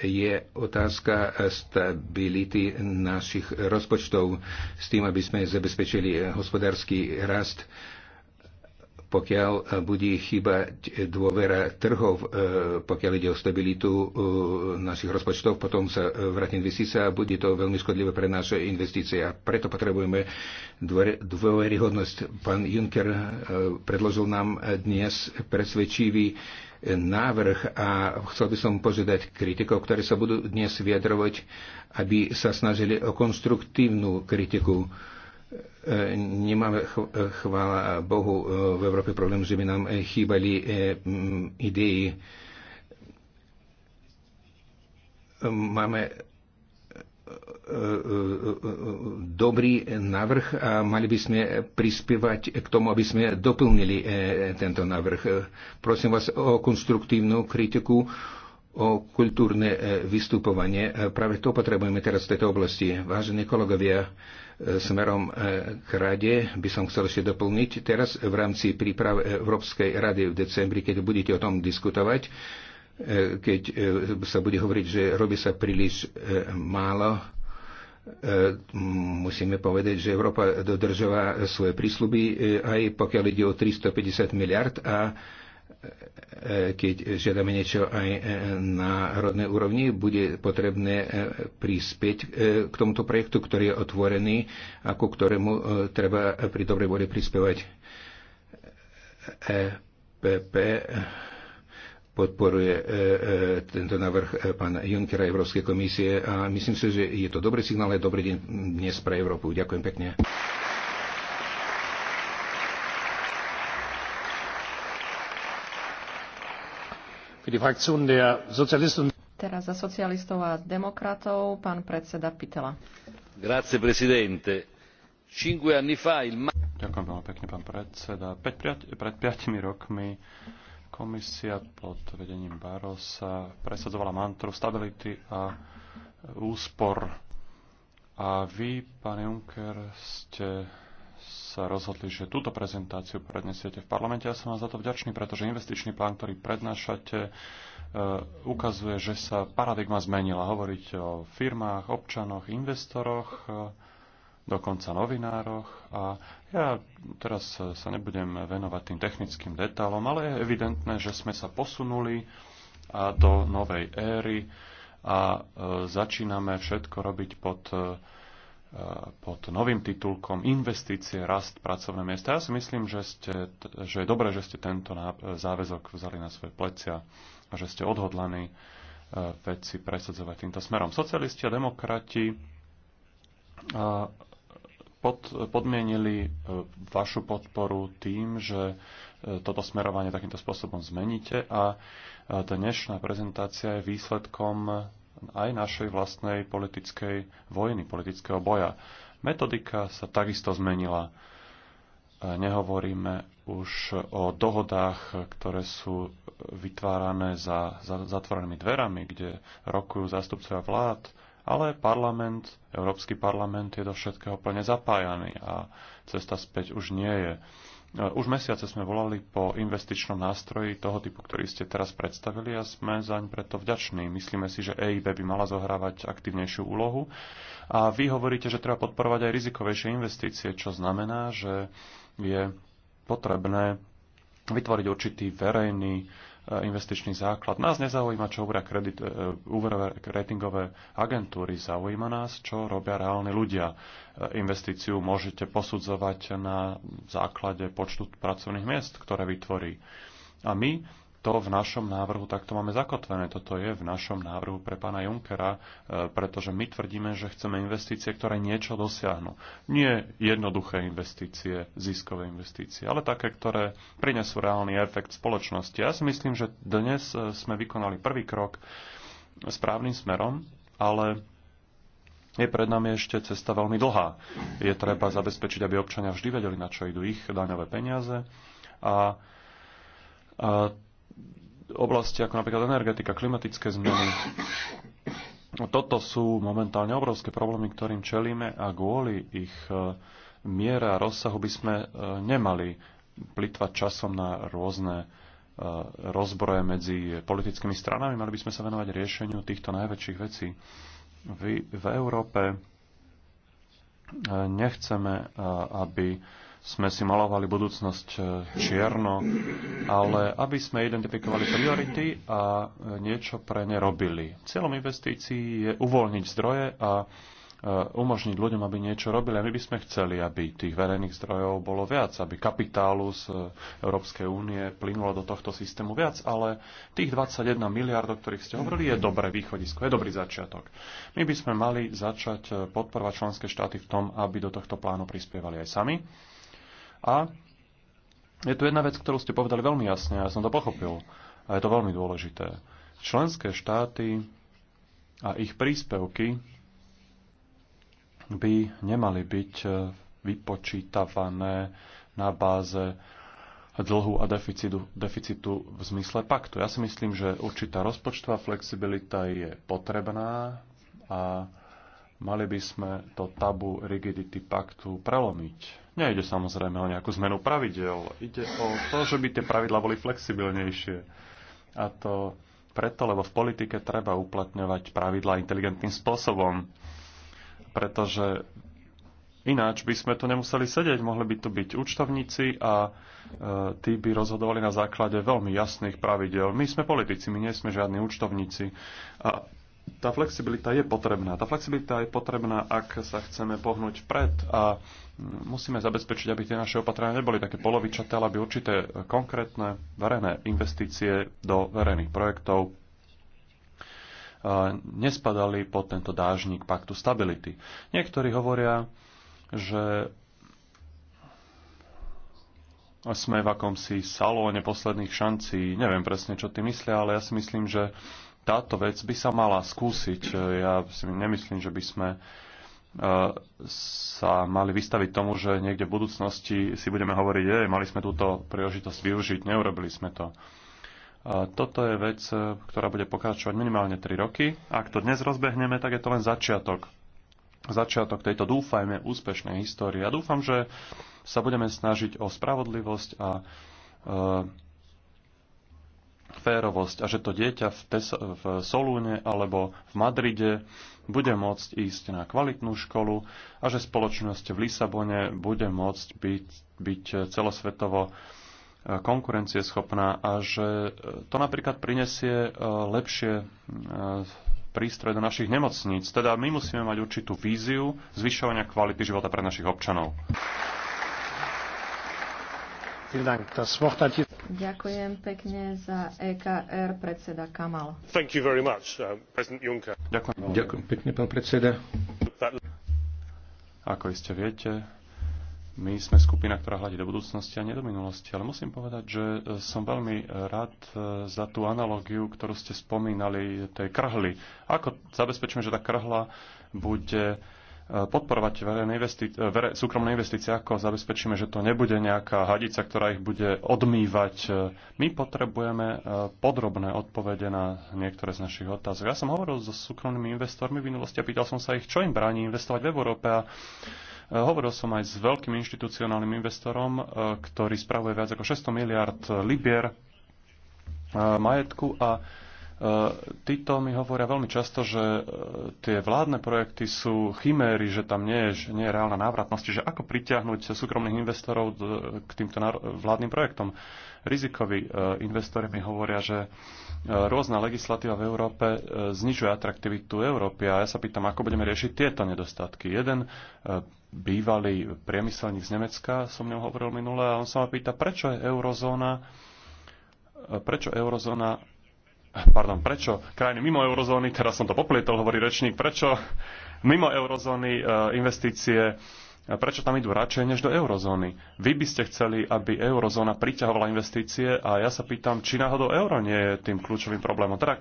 je otázka stability našich rozpočtov s tým, aby sme zabezpečili hospodársky rast. E, pokiaľ e, bude chýbať dôvera trhov, e, pokiaľ ide o stabilitu e, našich rozpočtov, potom sa vráti investícia a bude to veľmi škodlivé pre naše investície. A preto potrebujeme dôveryhodnosť. Pán Juncker predložil nám dnes presvedčivý návrh a chcel by som požiadať kritikov, ktorí sa budú dnes vyjadrovať, aby sa snažili o konstruktívnu kritiku Nemáme, chvála Bohu, e, v Európe problém, že by nám e, chýbali e, idei. Máme dobrý návrh a mali by sme prispievať k tomu, aby sme doplnili tento návrh. Prosím vás o konstruktívnu kritiku, o kultúrne vystupovanie. Práve to potrebujeme teraz v tejto oblasti. Vážení kolegovia, E, smerom e, k rade by som chcel ešte doplniť. Teraz v rámci príprav Európskej rady v decembri, keď budete o tom diskutovať, e, keď sa bude hovoriť, že robí sa príliš málo, musíme povedať, že Európa dodržová svoje prísluby aj pokiaľ ide o 350 miliard a keď žiadame niečo aj na rodnej úrovni, bude potrebné e, prispieť e, k tomuto projektu, ktorý je otvorený a ku ktorému e, treba pri dobrej vode prispievať. EPP podporuje tento návrh pána Junckera Európskej komisie a myslím si, že je to dobrý signál a dobrý deň dnes pre Európu. Ďakujem pekne. Teraz za socialistov a demokratov pán predseda Pitela. Ďakujem veľmi pekne, pán predseda. pred piatimi rokmi komisia pod vedením Barosa presadzovala mantru stability a úspor. A vy, pán Juncker, ste sa rozhodli, že túto prezentáciu prednesiete v parlamente. Ja som vám za to vďačný, pretože investičný plán, ktorý prednášate, e, ukazuje, že sa paradigma zmenila. Hovoríte o firmách, občanoch, investoroch, e, dokonca novinároch. A ja teraz sa nebudem venovať tým technickým detailom, ale je evidentné, že sme sa posunuli a do novej éry a e, začíname všetko robiť pod pod novým titulkom Investície, rast, pracovné miesta. Ja si myslím, že, ste, že je dobré, že ste tento záväzok vzali na svoje plecia a že ste odhodlaní e, veci presadzovať týmto smerom. Socialisti a demokrati e, pod, podmienili e, vašu podporu tým, že toto smerovanie takýmto spôsobom zmeníte a dnešná prezentácia je výsledkom aj našej vlastnej politickej vojny, politického boja. Metodika sa takisto zmenila. E, nehovoríme už o dohodách, ktoré sú vytvárané za, zatvorenými dverami, kde rokujú zástupcovia vlád, ale parlament, Európsky parlament je do všetkého plne zapájaný a cesta späť už nie je. E, už mesiace sme volali po investičnom nástroji toho typu, ktorý ste teraz predstavili a sme zaň preto vďační. Myslíme si, že EIB by mala zohrávať aktívnejšiu úlohu a vy hovoríte, že treba podporovať aj rizikovejšie investície, čo znamená, že je potrebné vytvoriť určitý verejný Eh, investičný základ. Nás nezaujíma, čo robia kredit, eh, úverové ratingové agentúry, zaujíma nás, čo robia reálni ľudia. Eh, investíciu môžete posudzovať na základe počtu pracovných miest, ktoré vytvorí. A my to v našom návrhu takto máme zakotvené. Toto je v našom návrhu pre pána Junkera, e, pretože my tvrdíme, že chceme investície, ktoré niečo dosiahnu. Nie jednoduché investície, ziskové investície, ale také, ktoré prinesú reálny efekt spoločnosti. Ja si myslím, že dnes e, sme vykonali prvý krok správnym smerom, ale je pred nami ešte cesta veľmi dlhá. Je treba zabezpečiť, aby občania vždy vedeli, na čo idú ich daňové peniaze. A, a oblasti ako napríklad energetika, klimatické zmeny. Toto sú momentálne obrovské problémy, ktorým čelíme a kvôli ich e, miera a rozsahu by sme e, nemali plitvať časom na rôzne e, rozbroje medzi politickými stranami. Mali by sme sa venovať riešeniu týchto najväčších vecí. Vy v Európe nechceme, aby sme si malovali budúcnosť eh, čierno, ale aby sme identifikovali priority a eh, niečo pre ne robili. Cieľom investícií je uvoľniť zdroje a eh, umožniť ľuďom, aby niečo robili. A my by sme chceli, aby tých verejných zdrojov bolo viac, aby kapitálu z Európskej únie plynulo do tohto systému viac, ale tých 21 miliard, o ktorých ste hovorili, je dobré východisko, je dobrý začiatok. My by sme mali začať podporovať členské štáty v tom, aby do tohto plánu prispievali aj sami a je tu jedna vec, ktorú ste povedali veľmi jasne, ja som to pochopil a je to veľmi dôležité. Členské štáty a ich príspevky by nemali byť eh, vypočítavané na báze dlhu a deficitu, deficitu v zmysle paktu. Ja si myslím, že určitá rozpočtová flexibilita je potrebná a mali by sme to tabu rigidity paktu prelomiť. Nejde samozrejme o nejakú zmenu pravidel. Ide o to, že by tie pravidla boli flexibilnejšie. A to preto, lebo v politike treba uplatňovať pravidla inteligentným spôsobom. Pretože ináč by sme tu nemuseli sedieť, mohli by tu byť účtovníci a e, tí by rozhodovali na základe veľmi jasných pravidel. My sme politici, my nie sme žiadni účtovníci. A tá flexibilita je potrebná. Tá flexibilita je potrebná, ak sa chceme pohnúť vpred a mm, musíme zabezpečiť, aby tie naše opatrenia neboli také polovičaté, ale aby určité konkrétne verejné investície do verejných projektov nespadali pod tento dážnik paktu stability. Niektorí hovoria, že sme v akomsi salóne posledných šancí. Neviem presne, čo ty myslia, ale ja si myslím, že táto vec by sa mala skúsiť. E, ja si nemyslím, že by sme e, sa mali vystaviť tomu, že niekde v budúcnosti si budeme hovoriť, že mali sme túto príležitosť využiť, neurobili sme to. E, toto je vec, ktorá bude pokračovať minimálne 3 roky. Ak to dnes rozbehneme, tak je to len začiatok. Začiatok tejto, dúfajme, úspešnej histórie. A dúfam, že sa budeme snažiť o spravodlivosť a férovosť a že to dieťa v, Tes- v Solúne alebo v Madride bude môcť ísť na kvalitnú školu a že spoločnosť v Lisabone bude môcť byť, byť celosvetovo e, konkurencieschopná a že e, to napríklad prinesie e, lepšie prístroje do našich nemocníc. Teda my musíme mať určitú víziu zvyšovania kvality života pre našich občanov. Ďakujem pekne za EKR predseda Kamal. Uh, Ďakujem. Ďakujem pekne, pán predseda. Ako iste viete, my sme skupina, ktorá hľadí do budúcnosti a nie do minulosti, ale musím povedať, že e, som veľmi rád e, za tú analogiu, ktorú ste spomínali, tej krhly. Ako zabezpečíme, že tá krhla bude podporovať verejné súkromné investície, ako zabezpečíme, že to nebude nejaká hadica, ktorá ich bude odmývať. My potrebujeme e, podrobné odpovede na niektoré z našich otázok. Ja som hovoril so súkromnými investormi v minulosti a pýtal som sa ich, čo im bráni investovať v Európe a e, Hovoril som aj s veľkým inštitucionálnym investorom, e, ktorý spravuje viac ako 600 miliard libier majetku a Eh, títo mi hovoria veľmi často, že eh, tie vládne projekty sú chiméry, že tam nie je, nie je reálna návratnosť. Čiže ako pritiahnuť súkromných investorov k týmto vládnym projektom? Rizikoví eh, investori mi hovoria, že rôzna legislatíva v Európe znižuje atraktivitu Európy a ja sa pýtam, ako budeme riešiť tieto nedostatky. Jeden bývalý priemyselník z Nemecka, som ňom hovoril minule, a on sa ma pýta, prečo je eurozóna prečo eurozóna pardon, prečo krajiny mimo eurozóny, teraz som to poplietol, hovorí rečník, prečo mimo eurozóny e, investície, prečo tam idú radšej než do eurozóny? Vy by ste chceli, aby eurozóna priťahovala investície a ja sa pýtam, či náhodou euro nie je tým kľúčovým problémom. Teda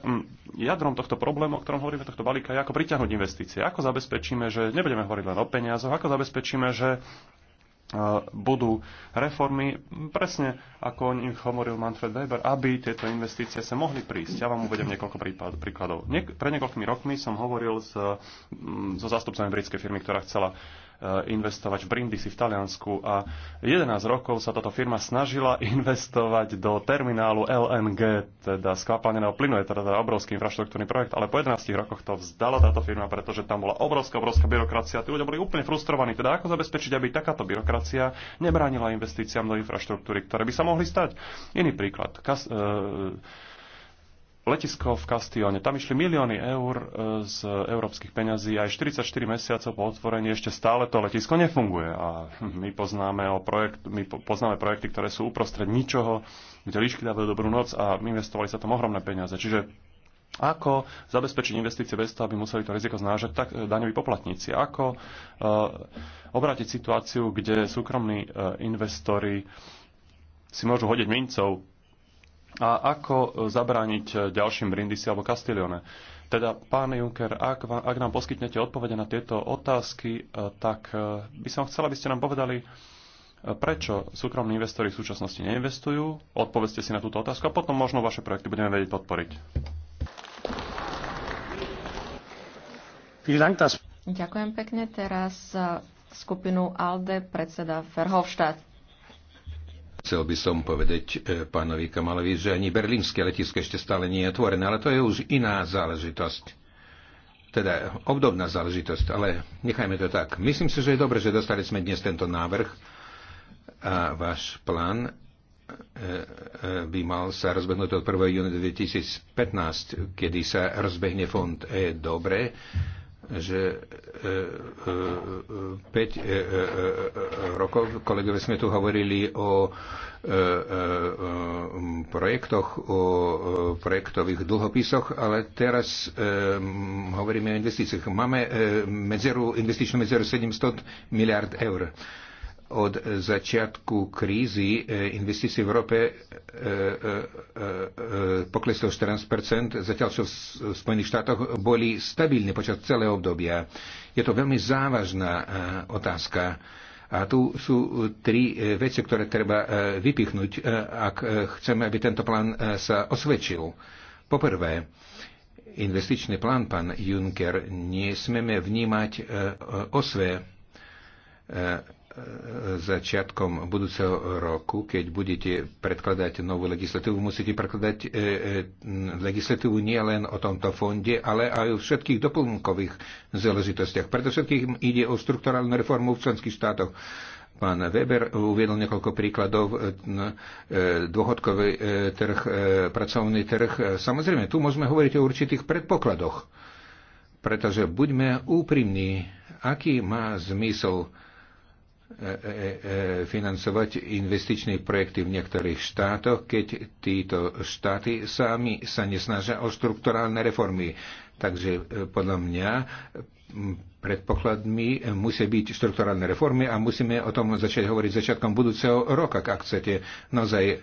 jadrom tohto problému, o ktorom hovoríme, tohto balíka, je ako priťahnuť investície. Ako zabezpečíme, že nebudeme hovoriť len o peniazoch, ako zabezpečíme, že budú reformy, presne ako o nich hovoril Manfred Weber, aby tieto investície sa mohli prísť. Ja vám uvedem niekoľko prípad, príkladov. Niek- pre niekoľkými rokmi som hovoril s, mm, so zastupcami britskej firmy, ktorá chcela Eh, investovať v Brindisi v Taliansku a 11 rokov sa táto firma snažila investovať do terminálu LNG, teda skvapalneného plynu. Je teda, teda obrovský infraštruktúrny projekt, ale po 11 rokoch to vzdala táto firma, pretože tam bola obrovská, obrovská byrokracia. Tí ľudia boli úplne frustrovaní. Teda ako zabezpečiť, aby takáto byrokracia nebránila investíciám do infraštruktúry, ktoré by sa mohli stať. Iný príklad. Kas, e, letisko v Kastione. Tam išli milióny eur e, z európskych peňazí. Aj 44 mesiacov po otvorení ešte stále to letisko nefunguje. A my poznáme, o projekt, my poznáme projekty, ktoré sú uprostred ničoho, kde líšky dávajú dobrú noc a investovali sa tam ohromné peniaze. Čiže ako zabezpečiť investície bez toho, aby museli to riziko znážať tak e, daňoví poplatníci. Ako uh, obrátiť situáciu, kde súkromní uh, investori si môžu hodiť mincov a ako e, zabrániť e, ďalším Brindisi alebo Castiglione? Teda, pán Juncker, ak, vám, ak nám poskytnete odpovede na tieto otázky, e, tak by som chcela, aby ste nám povedali, prečo súkromní investori v súčasnosti neinvestujú. Odpovedzte si na túto otázku a potom možno vaše projekty budeme vedieť podporiť. Ďakujem pekne. Teraz skupinu ALDE predseda Verhofstadt. Chcel by som povedať e, pánovi Kamalovi, že ani berlínske letisko ešte stále nie je otvorené, ale to je už iná záležitosť. Teda obdobná záležitosť, ale nechajme to tak. Myslím si, že je dobre, že dostali sme dnes tento návrh a váš plán e, e, by mal sa rozbehnúť od 1. júna 2015, kedy sa rozbehne fond. E, dobre že 5 e, e, e, rokov, kolegovi sme tu hovorili o projektoch, o projektových dlhopisoch, ale teraz hovoríme o investíciách. Máme medzeru, investičnú medzeru 700 miliard eur. Od začiatku krízy eh, investície v Európe eh, eh, poklesli o 14 zatiaľ čo v Spojených štátoch boli stabilné počas celého obdobia. Je to veľmi závažná otázka. A tu sú tri veci, ktoré treba vypichnúť, ak chceme, aby tento plán sa osvedčil. Poprvé, investičný plán, pán Juncker, nesmeme vnímať osve začiatkom budúceho roku, keď budete predkladať novú legislatívu, musíte predkladať e, e, legislatívu nie len o tomto fonde, ale aj o všetkých doplnkových záležitostiach. Preto všetkým ide o strukturálnu reformu v členských štátoch. Pán Weber uviedol niekoľko príkladov, e, dôchodkový trh, pracovný trh. Samozrejme, tu môžeme hovoriť o určitých predpokladoch, pretože buďme úprimní, aký má zmysel E, e, e, financovať investičné projekty v niektorých štátoch, keď títo štáty sami sa nesnažia o štrukturálne reformy. Takže podľa mňa predpokladmi musia byť štrukturálne reformy a musíme o tom začať hovoriť začiatkom budúceho roka, ak chcete naozaj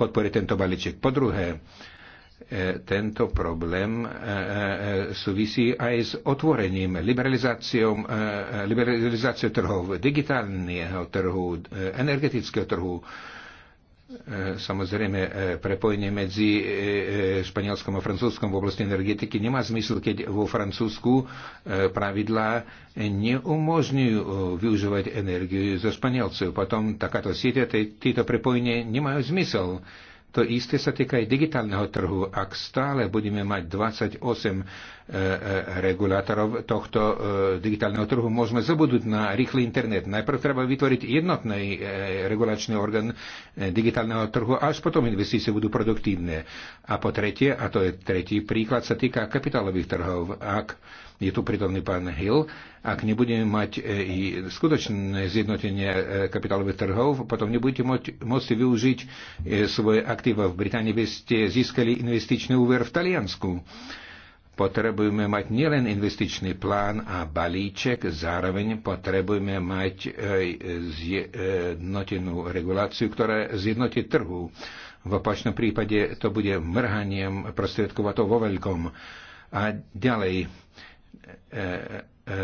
podporiť tento balíček. Po druhé, E, tento problém e, e, súvisí aj s otvorením, liberalizáciou, liberalizáciou trhov, digitálneho trhu, energetického trhu, Samozrejme, prepojenie medzi Španielskom a Francúzskom v oblasti energetiky nemá zmysel, keď vo Francúzsku pravidlá neumožňujú využívať energiu zo Španielcov. Potom takáto sieť a títo prepojenie nemajú zmysel. To isté sa týka aj digitálneho trhu. Ak stále budeme mať 28 e, e, regulátorov tohto e, digitálneho trhu, môžeme zabudnúť na rýchly internet. Najprv treba vytvoriť jednotný e, regulačný orgán e, digitálneho trhu, až potom investície budú produktívne. A po tretie, a to je tretí príklad, sa týka kapitálových trhov. Ak je tu prítomný pán Hill. Ak nebudeme mať e, i skutočné zjednotenie e, kapitálových trhov, potom nebudete môcť, využiť e, svoje aktíva v Británii, by ste získali investičný úver v Taliansku. Potrebujeme mať nielen investičný plán a balíček, zároveň potrebujeme mať zjednotenú reguláciu, ktorá zjednotí trhu. V opačnom prípade to bude mrhaniem prostriedkov a to vo veľkom. A ďalej, E, e, e,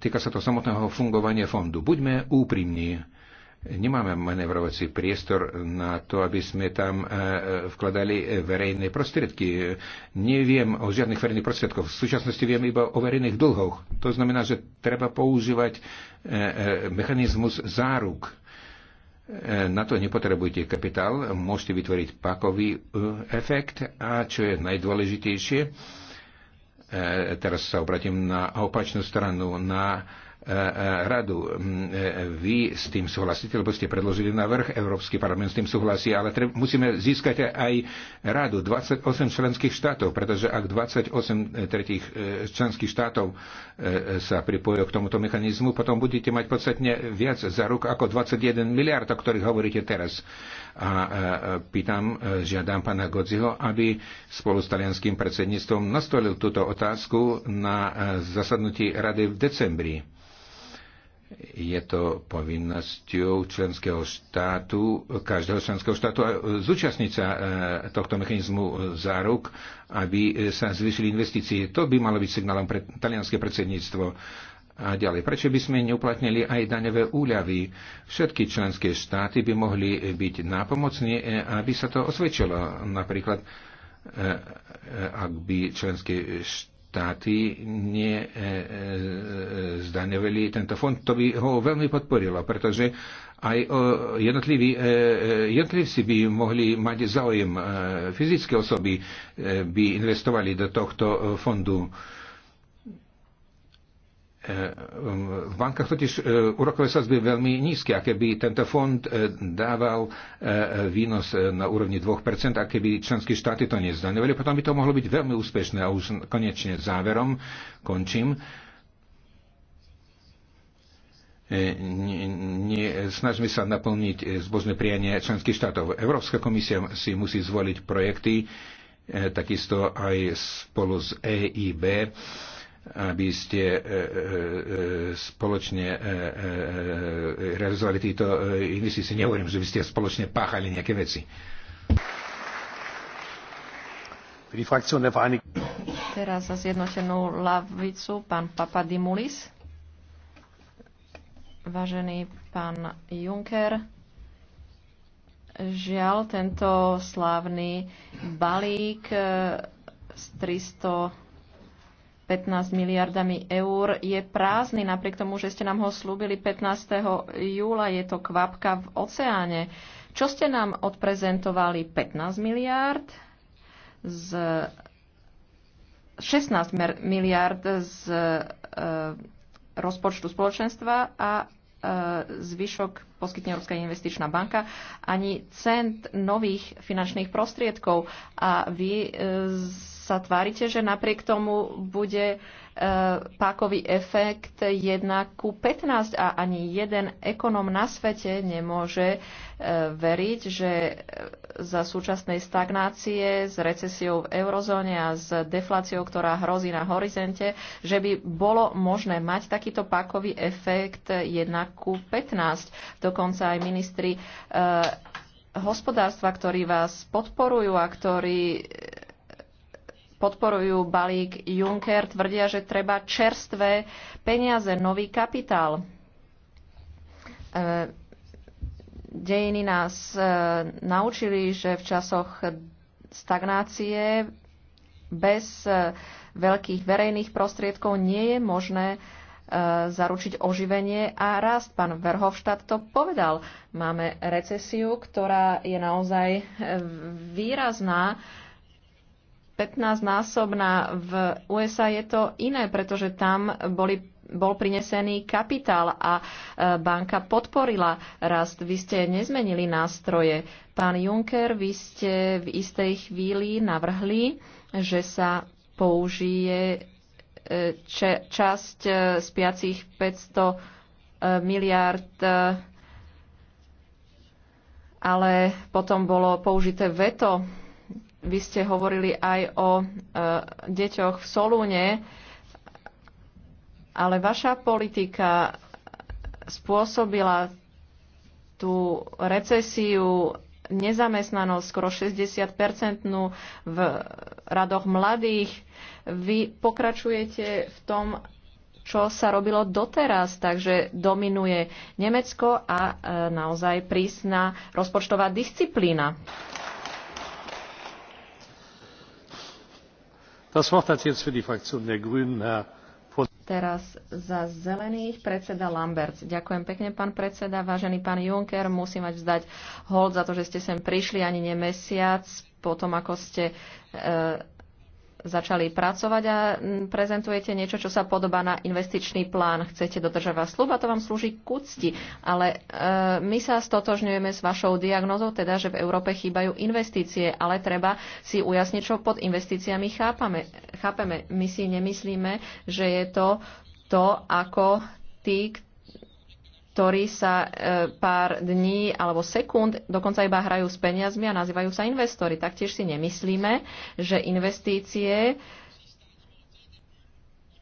týka sa to samotného fungovania fondu. Buďme úprimní. Nemáme manevrovací priestor na to, aby sme tam vkladali verejné prostriedky. Neviem o žiadnych verejných prostriedkoch. V súčasnosti viem iba o verejných dlhoch. To znamená, že treba používať mechanizmus záruk. Na to nepotrebujete kapitál, môžete vytvoriť pakový efekt a čo je najdôležitejšie, E, teraz sa obratím na opačnú stranu, na E, e, radu. Mm, e, vy s tým súhlasíte, lebo ste predložili vrch, Európsky parlament s tým súhlasí, ale treb, musíme získať aj radu 28 členských štátov, pretože ak 28 tretích členských štátov sa pripojí k tomuto mechanizmu, potom budete mať podstatne viac za ruk ako 21 miliard, o ktorých hovoríte teraz. A pýtam, žiadam pána Godziho, aby spolu s talianským predsedníctvom nastolil túto otázku na zasadnutí rady v decembri je to povinnosťou členského štátu, každého členského štátu a zúčastniť sa e, tohto mechanizmu záruk, aby sa zvýšili investície. To by malo byť signálom pre talianské predsedníctvo a ďalej. Prečo by sme neuplatnili aj daňové úľavy? Všetky členské štáty by mohli byť nápomocní, e, aby sa to osvedčilo. Napríklad, e, ak by členské štáty štáty nezdaňovali e, e, tento fond, to by ho veľmi podporilo, pretože aj e, jednotliví, jednotlivci by mohli mať záujem, fyzické osoby by investovali do tohto fondu. Eh, v bankách totiž eh, úrokové je veľmi nízke a keby tento fond eh, dával výnos na úrovni 2% a keby členské štáty to nezdaňovali, potom by to mohlo byť veľmi úspešné. A už konečne záverom končím. snažme sa naplniť zbožné prianie členských štátov. Európska komisia si musí zvoliť projekty, takisto aj spolu s EIB aby ste e, e, e, spoločne realizovali tieto investície. Nehovorím, že by ste spoločne páchali nejaké veci. Teraz za zjednotenú lavicu pán Papadimulis. Vážený pán Juncker, žiaľ tento slávny balík z 300 15 miliardami eur je prázdny, napriek tomu, že ste nám ho slúbili 15. júla, je to kvapka v oceáne. Čo ste nám odprezentovali? 15 miliard z 16 miliard z e, rozpočtu spoločenstva a e, zvyšok poskytne Európska investičná banka ani cent nových finančných prostriedkov. A vy e, z sa tvárite, že napriek tomu bude e, pákový efekt 1 ku 15 a ani jeden ekonom na svete nemôže e, veriť, že e, za súčasnej stagnácie s recesiou v eurozóne a s defláciou, ktorá hrozí na horizonte, že by bolo možné mať takýto pákový efekt 1 ku 15. Dokonca aj ministri hospodárstva, ktorí vás podporujú a ktorí podporujú balík Juncker, tvrdia, že treba čerstvé peniaze, nový kapitál. E, dejiny nás e, naučili, že v časoch stagnácie bez e, veľkých verejných prostriedkov nie je možné zaručiť oživenie a rast. Pán Verhofštát to povedal. Máme recesiu, ktorá je naozaj výrazná 15-násobná. V USA je to iné, pretože tam boli, bol prinesený kapitál a e, banka podporila rast. Vy ste nezmenili nástroje. Pán Juncker, vy ste v istej chvíli navrhli, že sa použije e, časť z e, 500 miliard ale potom bolo použité veto vy ste hovorili aj o e, deťoch v Solúne, ale vaša politika spôsobila tú recesiu, nezamestnanosť, skoro 60-percentnú v radoch mladých. Vy pokračujete v tom, čo sa robilo doteraz, takže dominuje Nemecko a e, naozaj prísna rozpočtová disciplína. Teraz za zelených predseda Lamberts. Ďakujem pekne, pán predseda. Vážený pán Juncker, musím mať vzdať hold za to, že ste sem prišli ani ne mesiac po tom, ako ste e, začali pracovať a mm, prezentujete niečo, čo sa podobá na investičný plán. Chcete dodržovať slub a to vám slúži k úcti. Ale e, my sa stotožňujeme s vašou diagnozou, teda, že v Európe chýbajú investície, ale treba si ujasniť, čo pod investíciami chápame. chápeme. My si nemyslíme, že je to to, ako tí, ktorí sa e, pár dní alebo sekúnd dokonca iba hrajú s peniazmi a nazývajú sa investori. Taktiež si nemyslíme, že investície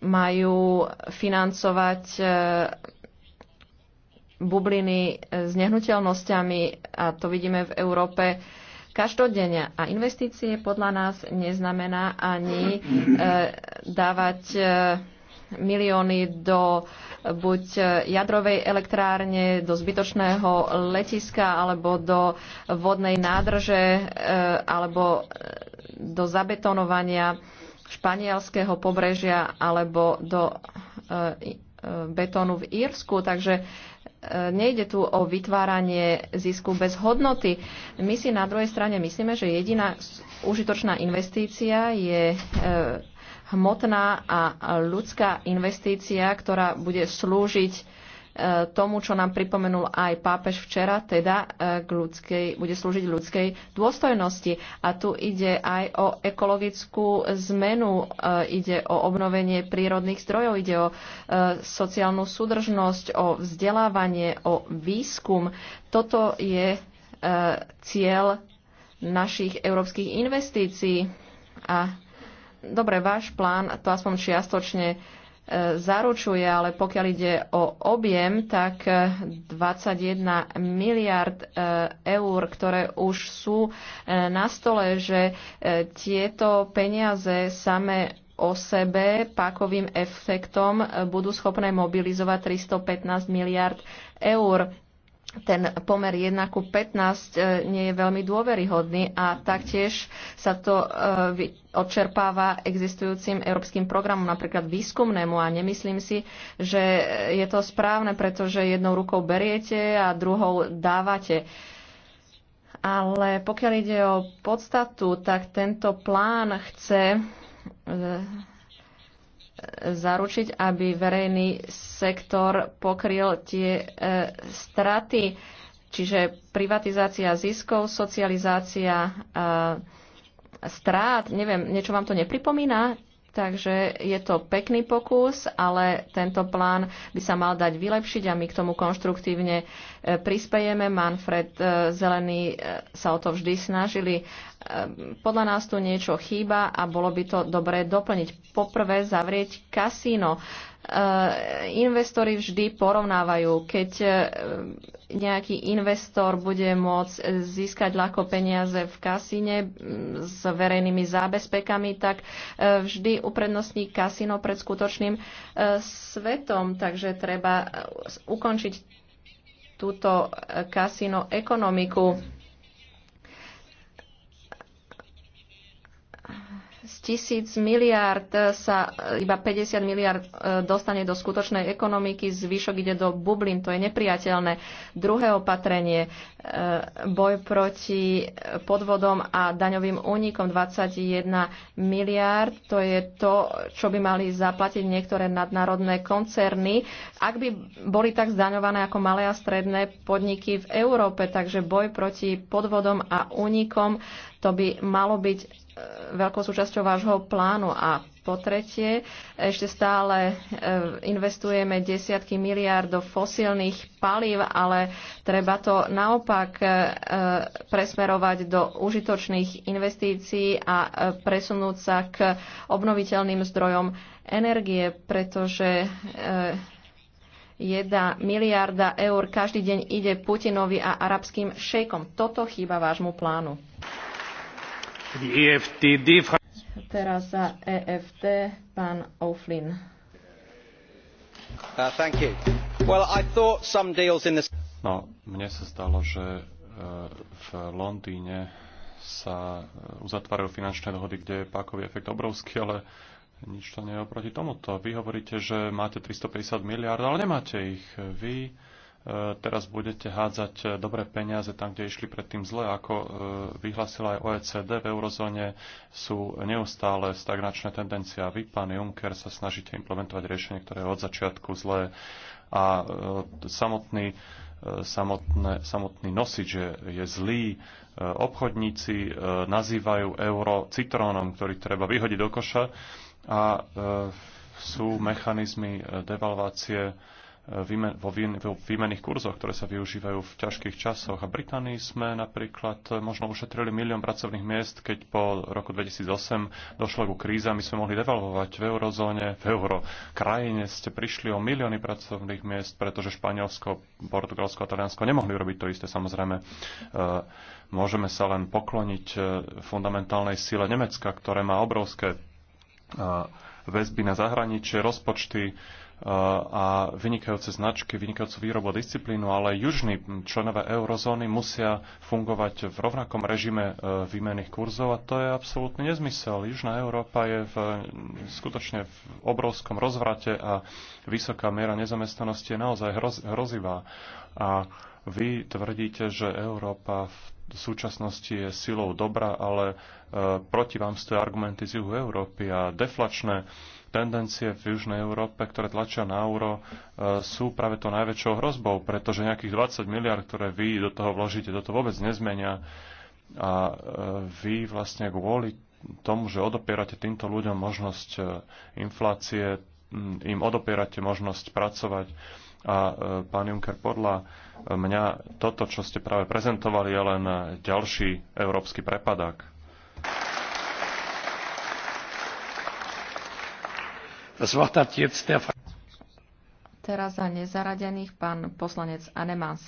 majú financovať e, bubliny s nehnuteľnosťami a to vidíme v Európe každodenne. A investície podľa nás neznamená ani e, dávať milióny do buď e, jadrovej elektrárne, do zbytočného letiska alebo do vodnej nádrže e, alebo e, do zabetonovania španielského pobrežia alebo do betónu v Írsku. Takže nejde tu o vytváranie zisku bez hodnoty. My si na druhej strane myslíme, že jediná užitočná investícia je hmotná a ľudská investícia, ktorá bude slúžiť e, tomu, čo nám pripomenul aj pápež včera, teda e, k ľudskej, bude slúžiť ľudskej dôstojnosti. A tu ide aj o ekologickú zmenu, e, ide o obnovenie prírodných zdrojov, ide o sociálnu súdržnosť, o vzdelávanie, o výskum. Toto je cieľ našich európskych investícií a dobre, váš plán to aspoň čiastočne e, zaručuje, ale pokiaľ ide o objem, tak 21 e, miliard e, eur, ktoré už sú na stole, že tieto peniaze same o sebe pákovým efektom budú schopné mobilizovať 315 miliard eur ten pomer 1 ku 15 e, nie je veľmi dôveryhodný a taktiež sa to e, odčerpáva existujúcim európskym programom, napríklad výskumnému a nemyslím si, že je to správne, pretože jednou rukou beriete a druhou dávate. Ale pokiaľ ide o podstatu, tak tento plán chce e, zaručiť, aby verejný sektor pokryl tie e, straty, čiže privatizácia ziskov, socializácia e, strát, neviem, niečo vám to nepripomína? Takže je to pekný pokus, ale tento plán by sa mal dať vylepšiť a my k tomu konštruktívne e, prispejeme. Manfred Zelený sa o to vždy snažili Ehm, podľa nás tu niečo chýba a bolo by to dobré doplniť. Poprvé zavrieť kasíno. Ehm, investori vždy porovnávajú, keď ehm, nejaký investor bude môcť získať ľahko peniaze v kasíne s verejnými zábezpekami, tak vždy uprednostní kasíno pred skutočným svetom. Takže treba ukončiť túto kasíno ekonomiku z tisíc miliard sa e, iba 50 miliard e, dostane do skutočnej ekonomiky, zvyšok ide do bublín, to je nepriateľné. Druhé opatrenie, e, boj proti podvodom a daňovým únikom 21 miliard, to je to, čo by mali zaplatiť niektoré nadnárodné koncerny, ak by boli tak zdaňované ako malé a stredné podniky v Európe, takže boj proti podvodom a únikom, to by malo byť veľkou súčasťou vášho plánu. A po tretie, ešte stále e, investujeme desiatky miliárd do fosílnych palív, ale treba to naopak e, presmerovať do užitočných investícií a e, presunúť sa k obnoviteľným zdrojom energie, pretože jedna miliarda eur každý deň ide Putinovi a arabským šejkom. Toto chýba vášmu plánu. Teraz za EFT pán O'Flynn. Uh, thank you. Well, I thought some deals in this... No, mne sa zdalo, že uh, v Londýne sa uh, uzatvárajú finančné dohody, kde je pákový efekt obrovský, ale nič to nie je oproti tomuto. Vy hovoríte, že máte 350 miliárd, ale nemáte ich. Vy teraz budete hádzať dobré peniaze tam, kde išli predtým zle, ako e, vyhlasila aj OECD v eurozóne, sú neustále stagnačné tendencie a vy, pán Juncker, sa snažíte implementovať riešenie, ktoré je od začiatku zlé a e, samotný e, samotné, samotný nosič je, je zlý. Obchodníci nazývajú euro citrónom, ktorý treba vyhodiť do koša a sú mechanizmy devalvácie vo výmených kurzoch, ktoré sa využívajú v ťažkých časoch. A Británii sme napríklad možno ušetrili milión pracovných miest, keď po roku 2008 došlo ku kríze a my sme mohli devalvovať v eurozóne, v euro krajine ste prišli o milióny pracovných miest, pretože Španielsko, Portugalsko a Taliansko nemohli robiť to isté samozrejme. E, môžeme sa len pokloniť e, fundamentálnej sile Nemecka, ktoré má obrovské e, väzby na zahraničie, rozpočty, a vynikajúce značky, vynikajúcu výrobu a disciplínu, ale južní členové eurozóny musia fungovať v rovnakom režime e, výmených kurzov a to je absolútny nezmysel. Južná Európa je v, skutočne v obrovskom rozvrate a vysoká miera nezamestnanosti je naozaj hroz, hrozivá. A vy tvrdíte, že Európa v v súčasnosti je silou dobra, ale e, proti vám stojí argumenty z juhu Európy a deflačné tendencie v Južnej Európe, ktoré tlačia na euro, e, sú práve to najväčšou hrozbou, pretože nejakých 20 miliard, ktoré vy do toho vložíte, toho vôbec nezmenia a e, vy vlastne kvôli tomu, že odopierate týmto ľuďom možnosť e, inflácie, im odopierate možnosť pracovať. A pán Juncker, podľa mňa toto, čo ste práve prezentovali, je len ďalší európsky prepadák. Teraz za nezaradených pán poslanec Anemans.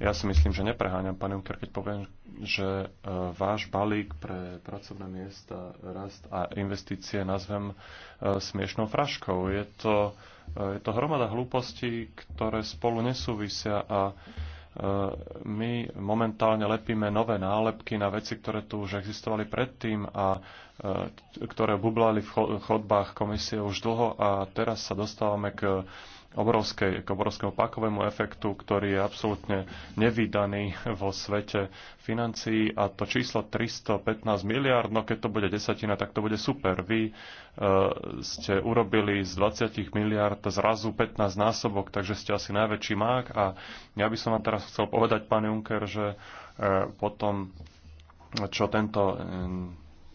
Ja si myslím, že nepreháňam, pán Juncker, keď poviem, že e, váš balík pre pracovné miesta, rast a investície nazvem e, smiešnou fraškou. Je to, e, je to hromada hlúpostí, ktoré spolu nesúvisia a Eh, my momentálne lepíme nové nálepky na veci, ktoré tu už existovali predtým a eh, ktoré bublali v chodbách komisie už dlho a teraz sa dostávame k obrovskej, k obrovskému pakovému efektu, ktorý je absolútne nevydaný vo svete financií a to číslo 315 miliard, no keď to bude desatina, tak to bude super. Vy uh, ste urobili z 20 miliard zrazu 15 násobok, takže ste asi najväčší mák a ja by som vám teraz chcel povedať, pán Juncker, že uh, potom, čo tento e,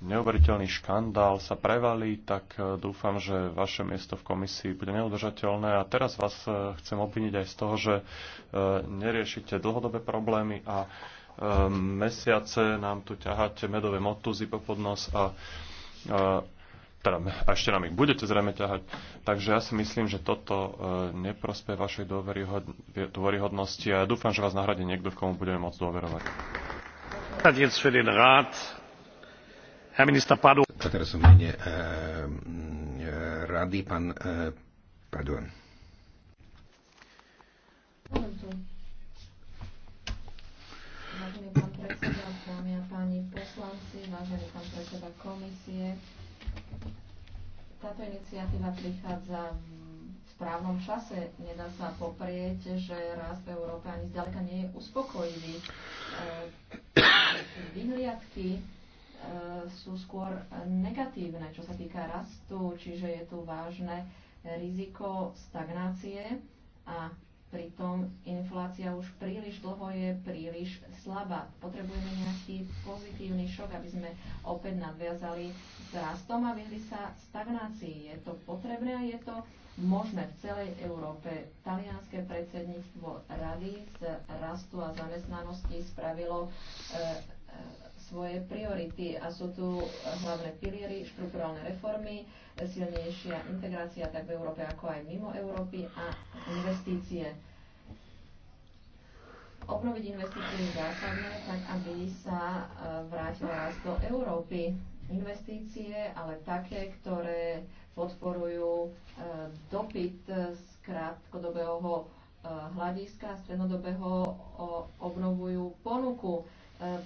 neuveriteľný škandál sa prevalí, tak e, dúfam, že vaše miesto v komisii bude neudržateľné. A teraz vás e, chcem obviniť aj z toho, že e, neriešite dlhodobé problémy a mesiace nám tu ťaháte medové motuzy po podnos a teda a ešte nám ich budete zrejme ťahať. Takže ja si myslím, že toto neprospie vašej dôveryhodnosti a ja dúfam, že vás nahradí niekto, v komu budeme môcť dôverovať. A teraz som mene eh, eh, rady, pán eh, Vážený pán predseda, dámy a páni poslanci, vážený pán predseda komisie, táto iniciatíva prichádza v správnom čase. Nedá sa poprieť, že rast v Európe ani zďaleka nie je uspokojivý. Vyhliadky E, sú skôr negatívne, čo sa týka rastu, čiže je tu vážne riziko stagnácie a pritom inflácia už príliš dlho je príliš slabá. Potrebujeme nejaký pozitívny šok, aby sme opäť nadviazali s rastom a vyhli sa stagnácii. Je to potrebné a je to možné v celej Európe. Talianské predsedníctvo rady z rastu a zamestnanosti spravilo e, e, svoje priority a sú tu eh, hlavné piliery, štrukturálne reformy, eh, silnejšia integrácia tak v Európe ako aj mimo Európy a investície. Obnoviť investície je zásadné, tak aby sa eh, vrátil rast do Európy. Investície, ale také, ktoré podporujú dopyt z krátkodobého hľadiska, strednodobého obnovujú ponuku Ehm,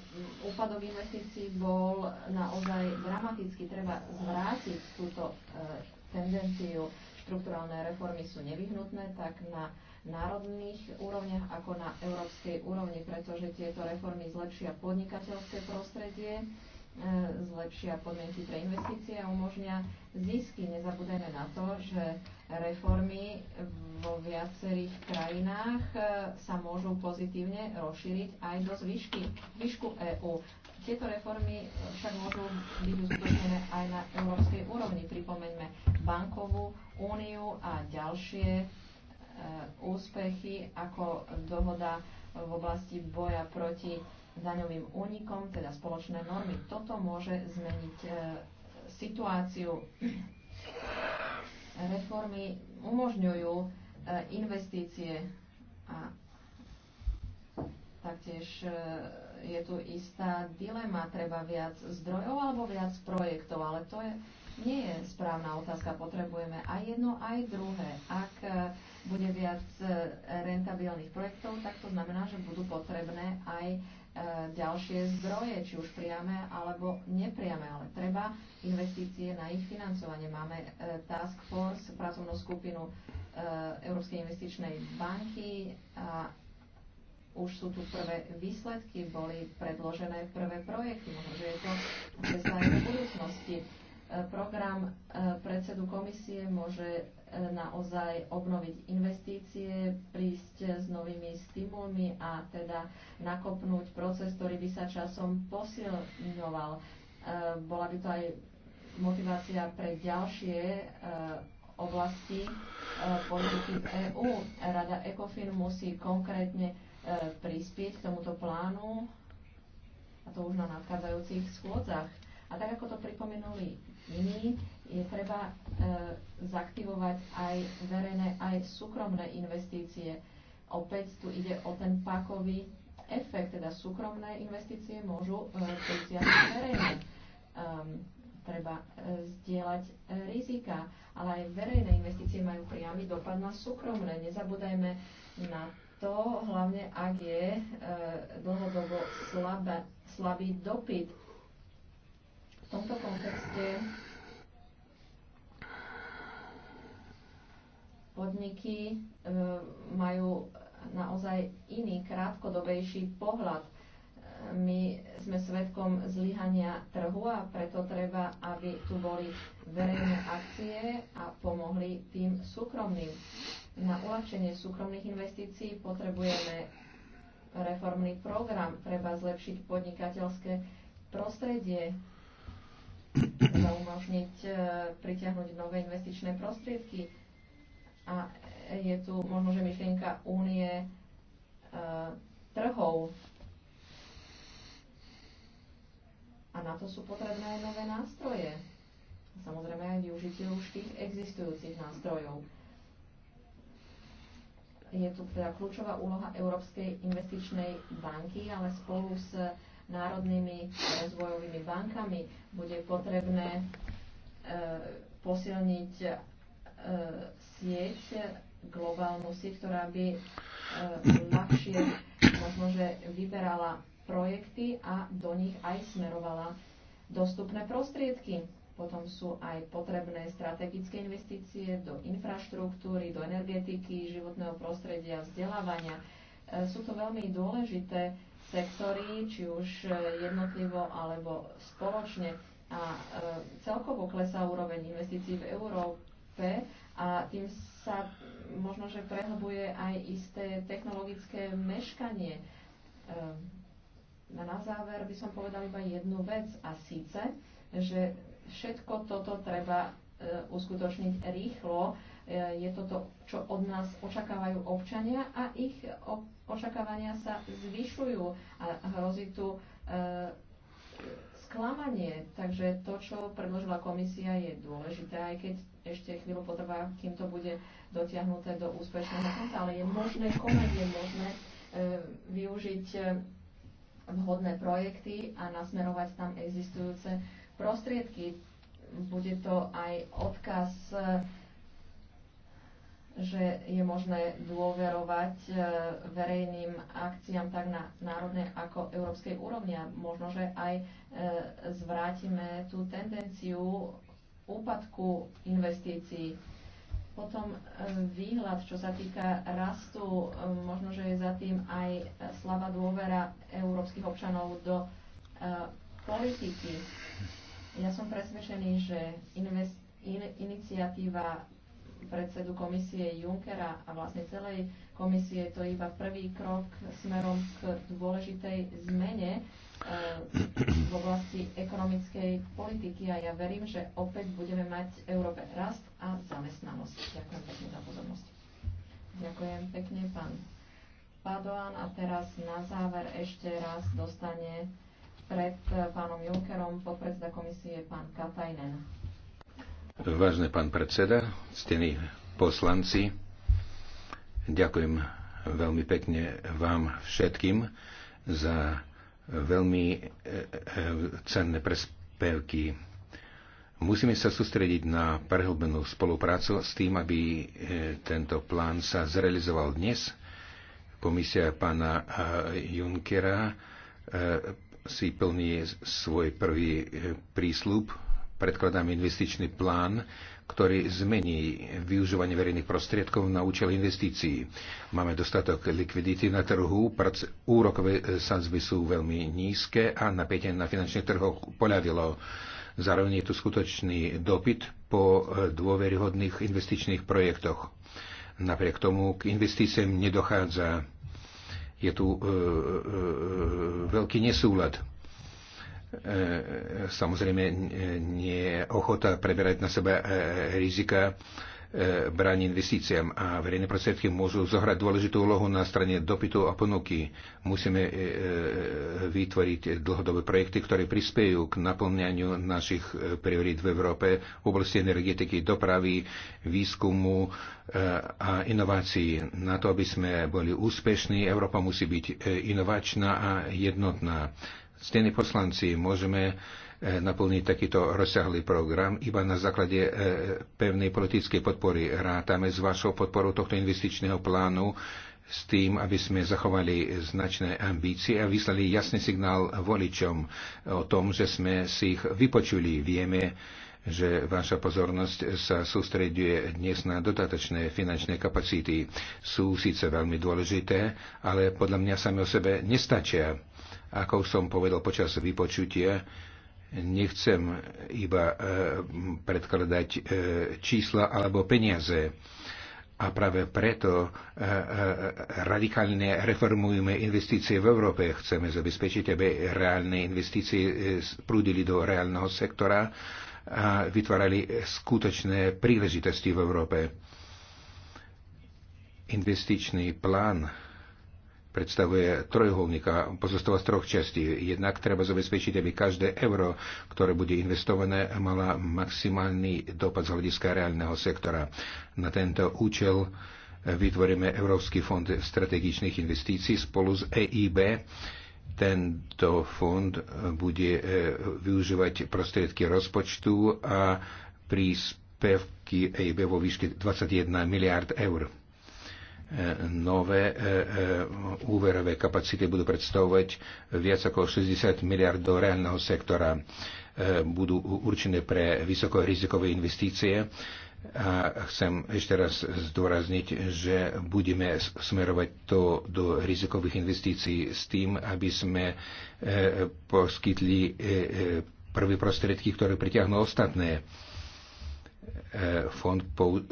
úpadok investícií bol naozaj dramatický. Treba zvrátiť túto ehm, tendenciu. Štrukturálne reformy sú nevyhnutné tak na národných úrovniach ako na európskej úrovni, pretože tieto reformy zlepšia podnikateľské prostredie, E, zlepšia podmienky pre investície a umožňa zisky. Nezabudeme na to, že reformy vo viacerých krajinách e, sa môžu pozitívne rozšíriť aj do zvyšky, zvyšku EÚ. Tieto reformy však môžu byť uskutočnené aj na európskej úrovni. Pripomeňme bankovú úniu a ďalšie e, úspechy ako dohoda v oblasti boja proti daňovým únikom, teda spoločné normy. Toto môže zmeniť e, situáciu. Reformy umožňujú e, investície a taktiež e, je tu istá dilema, treba viac zdrojov alebo viac projektov, ale to je, nie je správna otázka. Potrebujeme aj jedno, aj druhé. Ak bude viac rentabilných projektov, tak to znamená, že budú potrebné aj E, ďalšie zdroje, či už priame alebo nepriame, ale treba investície na ich financovanie. Máme e, Task Force, pracovnú skupinu e, Európskej investičnej banky a už sú tu prvé výsledky, boli predložené prvé projekty. Možno, že je to cesta aj do budúcnosti. E, program e, predsedu komisie môže e, naozaj obnoviť investície, prísť s novými stimulmi a teda nakopnúť proces, ktorý by sa časom posilňoval. Bola by to aj motivácia pre ďalšie oblasti politiky v EÚ. Rada ECOFIN musí konkrétne prispieť k tomuto plánu a to už na nadchádzajúcich schôdzach a tak, ako to pripomenuli iní, je treba e, zaktivovať aj verejné, aj súkromné investície. Opäť tu ide o ten pákový efekt, teda súkromné investície môžu e, verejné. E, treba e, zdieľať e, rizika, ale aj verejné investície majú priamy dopad na súkromné. Nezabúdajme na to, hlavne ak je e, dlhodobo slabé, slabý dopyt v tomto kontexte podniky e, majú naozaj iný, krátkodobejší pohľad. E, my sme svetkom zlyhania trhu a preto treba, aby tu boli verejné akcie a pomohli tým súkromným. Na uľahčenie súkromných investícií potrebujeme reformný program, treba zlepšiť podnikateľské prostredie, treba umožniť e, pritiahnuť nové investičné prostriedky. A je tu možno, že myšlienka únie e, trhov. A na to sú potrebné aj nové nástroje. samozrejme aj využitie už tých existujúcich nástrojov. Je tu teda kľúčová úloha Európskej investičnej banky, ale spolu s národnými rozvojovými bankami. Bude potrebné e, posilniť e, sieť, globálnu sieť, ktorá by e, ľahšie možno, že vyberala projekty a do nich aj smerovala dostupné prostriedky. Potom sú aj potrebné strategické investície do infraštruktúry, do energetiky, životného prostredia, vzdelávania. Sú to veľmi dôležité sektory, či už e, jednotlivo alebo spoločne. A e, celkovo klesá úroveň investícií v Európe a tým sa možno, že prehlbuje aj isté technologické meškanie. E, na záver by som povedal iba jednu vec a síce, že všetko toto treba uskutočniť rýchlo, E, je to to, čo od nás očakávajú občania a ich očakávania sa zvyšujú a hrozí tu e, sklamanie. Takže to, čo predložila komisia, je dôležité, aj keď ešte chvíľu potrvá, kým to bude dotiahnuté do úspešného konca, ale je možné konať, je možné e, využiť vhodné projekty a nasmerovať tam existujúce prostriedky. Bude to aj odkaz že je možné dôverovať e, verejným akciám tak na národnej ako európskej úrovni a možno, že aj e, zvrátime tú tendenciu úpadku investícií. Potom e, výhľad, čo sa týka rastu, možno, že je za tým aj slabá dôvera európskych občanov do politiky. Ja som presvedčený, že invest, in, iniciatíva predsedu komisie Junckera a vlastne celej komisie je to iba prvý krok smerom k dôležitej zmene eh, v oblasti ekonomickej politiky a ja verím, že opäť budeme mať v Európe rast a zamestnanosť. Ďakujem pekne za pozornosť. Ďakujem pekne, pán Padoan. A teraz na záver ešte raz dostane pred pánom Junckerom podpredseda komisie pán Katajnen. Vážne pán predseda, ctení poslanci, ďakujem veľmi pekne vám všetkým za veľmi e, e, cenné prespevky. Musíme sa sústrediť na prehlbenú spoluprácu s tým, aby e, tento plán sa zrealizoval dnes. Komisia pána Junckera si plní svoj prvý prísľub predkladám investičný plán, ktorý zmení využívanie verejných prostriedkov na účel investícií. Máme dostatok likvidity na trhu, úrokové sadzby sú veľmi nízke a napätie na finančných trhoch poľavilo. Zároveň je tu skutočný dopyt po dôveryhodných investičných projektoch. Napriek tomu k investíciám nedochádza. Je tu e, e, e veľký nesúlad E, e, samozrejme e, nie je ochota preberať na seba rizika bráni investíciám a verejné prostriedky môžu zohrať dôležitú úlohu na strane dopytu a ponuky. Musíme vytvoriť dlhodobé projekty, ktoré prispejú k naplňaniu našich priorít v Európe v oblasti energetiky, dopravy, výskumu a inovácií. Na to, aby sme boli úspešní, Európa musí byť inovačná a jednotná stejní poslanci, môžeme e, naplniť takýto rozsiahlý program iba na základe e, pevnej politickej podpory. Rátame s vašou podporou tohto investičného plánu s tým, aby sme zachovali značné ambície a vyslali jasný signál voličom o tom, že sme si ich vypočuli. Vieme, že vaša pozornosť sa sústreďuje dnes na dodatočné finančné kapacity. Sú síce veľmi dôležité, ale podľa mňa same o sebe nestačia ako som povedal počas vypočutia, nechcem iba e, predkladať e, čísla alebo peniaze. A práve preto e, radikálne reformujeme investície v Európe. Chceme zabezpečiť, aby reálne investície prúdili do reálneho sektora a vytvárali skutočné príležitosti v Európe. Investičný plán predstavuje trojuholníka, pozostáva z troch častí. Jednak treba zabezpečiť, aby každé euro, ktoré bude investované, mala maximálny dopad z hľadiska reálneho sektora. Na tento účel vytvoríme Európsky fond strategických investícií spolu s EIB. Tento fond bude e, využívať prostriedky rozpočtu a príspevky EIB vo výške 21 miliard eur nové e, e, úverové kapacity budú predstavovať viac ako 60 miliard do reálneho sektora. E, budú určené pre vysokorizikové investície. A chcem ešte raz zdôrazniť, že budeme smerovať to do rizikových investícií s tým, aby sme poskytli prvé prostriedky, ktoré pritiahnu ostatné. E, fond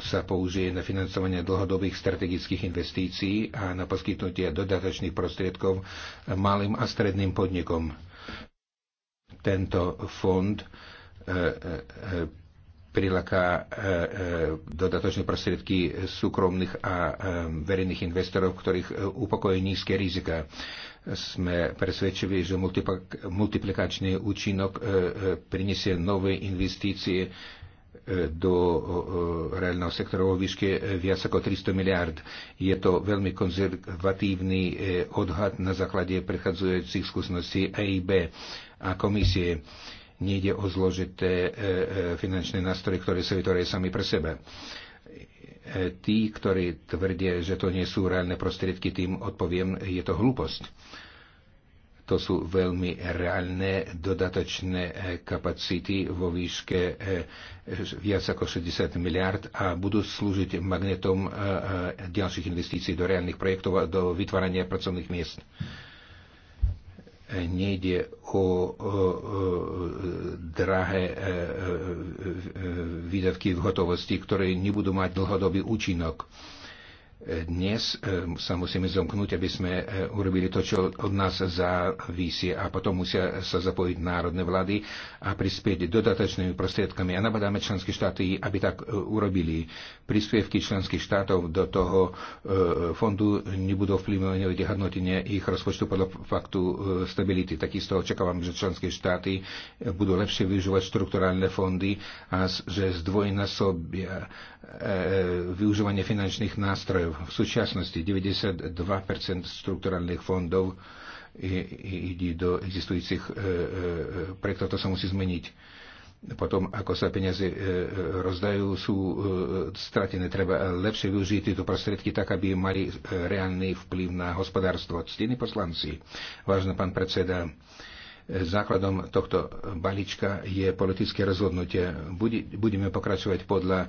sa použije na financovanie dlhodobých strategických investícií a na poskytnutie dodatočných prostriedkov malým a stredným podnikom. Tento fond e, e, prilaká dodatočné prostriedky súkromných a verejných investorov, ktorých upokojí nízke rizika. Sme presvedčili, že multiplikačný účinok prinesie nové investície do reálneho sektora vo výške e, viac ako 300 miliárd. Je to veľmi konzervatívny e, odhad na základe prechádzajúcich skúseností EIB a komisie. Nejde o zložité e, finančné nástroje, ktoré sa vytvoria sami pre sebe. Tí, ktorí tvrdia, že to nie sú reálne prostriedky, tým odpoviem, je to hlúposť to sú veľmi reálne dodatočné e, kapacity vo výške e, viac ako 60 miliard a budú slúžiť magnetom e, ďalších investícií do reálnych projektov a do vytvárania pracovných miest nejde o, o, o drahé e, e, výdavky v hotovosti, ktoré nebudú mať dlhodobý účinok. E, dnes e, sa musíme zomknúť, aby sme e, urobili to, čo od nás závisí a potom musia sa zapojiť národné vlády a prispieť dodatočnými prostriedkami. A nabadáme členské štáty, aby tak e, urobili. Príspevky členských štátov do toho fondu nebudú vplyvňovať hodnotenie ich rozpočtu podľa faktu stability. Takisto očakávam, že členské štáty budú lepšie využívať štrukturálne fondy a že zdvojnásobia E, využívanie finančných nástrojov. V súčasnosti 92% štrukturálnych fondov ide do existujúcich e, e, projektov, to sa musí zmeniť potom, ako sa peniaze rozdajú, sú stratené. Treba lepšie využiť tieto prostriedky tak, aby mali reálny vplyv na hospodárstvo. Ctení poslanci, vážne pán predseda, Základom tohto balíčka je politické rozhodnutie. Budeme pokračovať podľa e, e,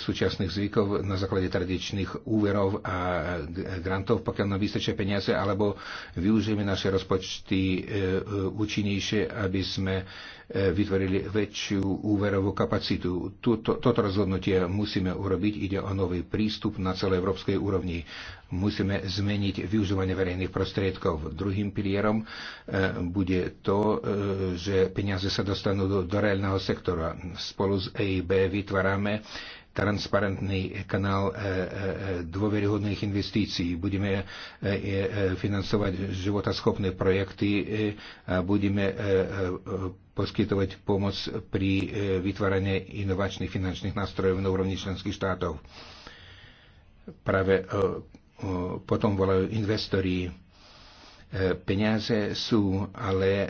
súčasných zvykov na základe tradičných úverov a grantov, pokiaľ nám vystačia peniaze, alebo využijeme naše rozpočty e, účinnejšie, aby sme E, vytvorili väčšiu úverovú kapacitu. Tuto, toto rozhodnutie musíme urobiť. Ide o nový prístup na celej európskej úrovni. Musíme zmeniť využívanie verejných prostriedkov. Druhým pilierom e, bude to, e, že peniaze sa dostanú do, do reálneho sektora. Spolu s EIB vytvárame transparentný kanál e, e, e, dôveryhodných investícií. Budeme financovať životaschopné projekty a budeme poskytovať pomoc pri vytváraní inovačných finančných nástrojov na úrovni členských štátov. Práve potom volajú investori E, peniaze sú, ale e,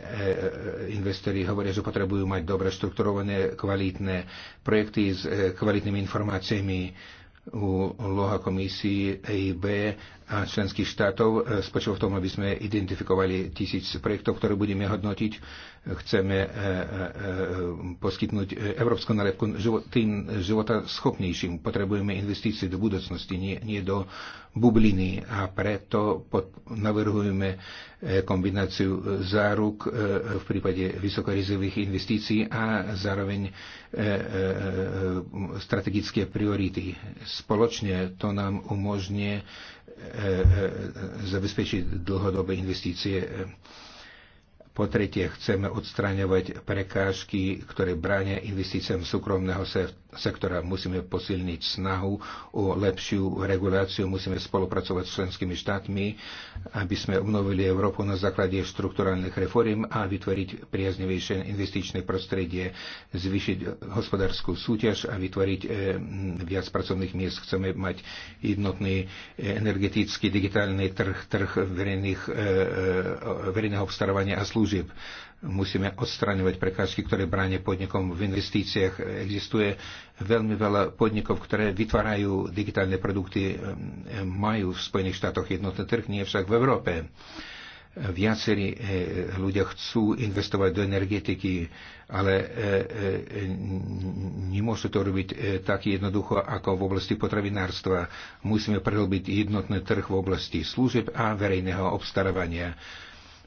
investori hovoria, že potrebujú mať dobre štrukturované, kvalitné projekty s e, kvalitnými informáciami. loha komisii EIB a členských štátov spočíva v tom, aby sme identifikovali tisíc projektov, ktoré budeme hodnotiť chceme e, e, e, poskytnúť európsku nalepku tým života schopnejším. Potrebujeme investície do budúcnosti, nie, nie do bubliny a preto navrhujeme kombináciu záruk v prípade vysokorizových investícií a zároveň strategické priority. Spoločne to nám umožňuje zabezpečiť dlhodobé investície po tretie, chceme odstraňovať prekážky, ktoré bránia investíciám súkromného sektora. Musíme posilniť snahu o lepšiu reguláciu, musíme spolupracovať s členskými štátmi, aby sme obnovili Európu na základe štrukturálnych reform a vytvoriť priaznevejšie investičné prostredie, zvýšiť hospodárskú súťaž a vytvoriť e, viac pracovných miest. Chceme mať jednotný e, energetický digitálny trh, trh verejných, e, verejného obstarávania a služieb musíme odstraňovať prekážky, ktoré bránia podnikom v investíciách. Existuje veľmi veľa podnikov, ktoré vytvárajú digitálne produkty, majú v Spojených štátoch jednotný trh, nie však v Európe. Viacerí e, ľudia chcú investovať do energetiky, ale e, e, nemôžu to robiť tak jednoducho ako v oblasti potravinárstva. Musíme prehlbiť jednotný trh v oblasti služieb a verejného obstarávania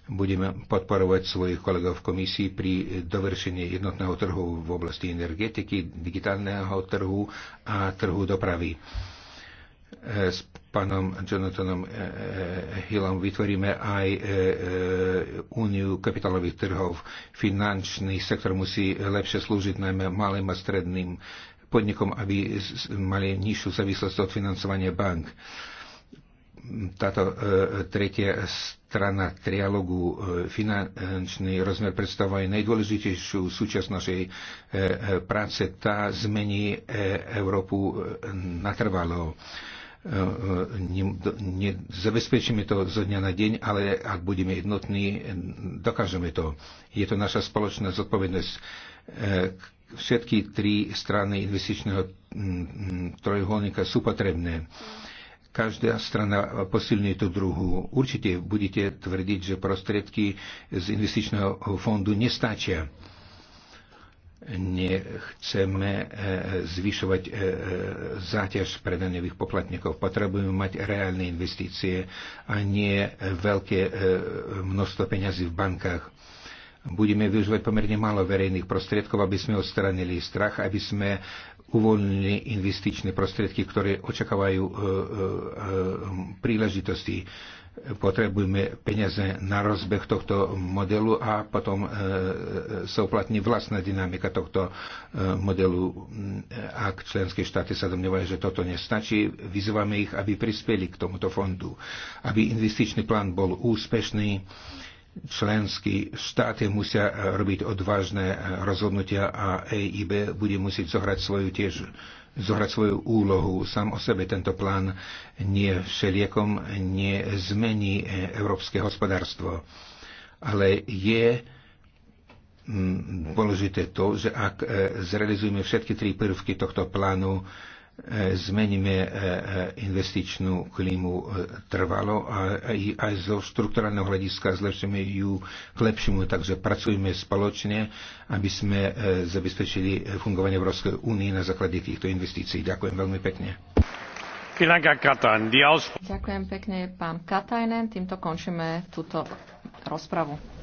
Budeme podporovať svojich kolegov v komisii pri dovršení jednotného trhu v oblasti energetiky, digitálneho trhu a trhu dopravy. E, s pánom Jonathanom e, e, Hillom vytvoríme aj úniu kapitálových trhov. Finančný sektor musí lepšie slúžiť najmä malým a stredným podnikom, aby mali nižšiu závislosť od financovania bank táto e, tretia strana trialogu e, finančný rozmer predstavuje najdôležitejšiu súčasť našej e, práce. Tá zmení Európu natrvalo. Nezabezpečíme to zo dňa na deň, ale ak budeme jednotní, dokážeme to. Je to naša spoločná zodpovednosť. Všetky tri strany investičného trojuholníka sú potrebné každá strana posilňuje tú druhú. Určite budete tvrdiť, že prostriedky z investičného fondu nestačia. Nechceme e, zvyšovať e, e, záťaž pre daňových poplatníkov. Potrebujeme mať reálne investície a nie veľké množstvo peňazí v bankách. Budeme využívať pomerne málo verejných prostriedkov, aby sme odstranili strach, aby sme uvoľnené investičné prostriedky, ktoré očakávajú e, e, e, príležitosti. Potrebujeme peniaze na rozbeh tohto modelu a potom sa uplatní vlastná dynamika tohto modelu. Ak členské štáty sa domnievajú, že toto nestačí, vyzývame ich, aby prispeli k tomuto fondu, aby investičný plán bol úspešný členské štáty musia eh, robiť odvážne eh, rozhodnutia a EIB bude musieť zohrať svoju tiež zohrať svoju úlohu. Sám o sebe tento plán nie všeliekom nezmení eh, európske hospodárstvo. Ale je mm, dôležité to, že ak zrealizujeme všetky tri prvky tohto plánu, zmeníme e, e, investičnú klímu e, trvalo a aj zo štruktúrálneho hľadiska zlepšíme ju k lepšiemu, takže pracujeme spoločne, aby sme zabezpečili fungovanie Európskej únie na základe týchto investícií. Ďakujem veľmi pekne. Ďakujem pekne, pán Katajnen. Týmto končíme túto rozpravu.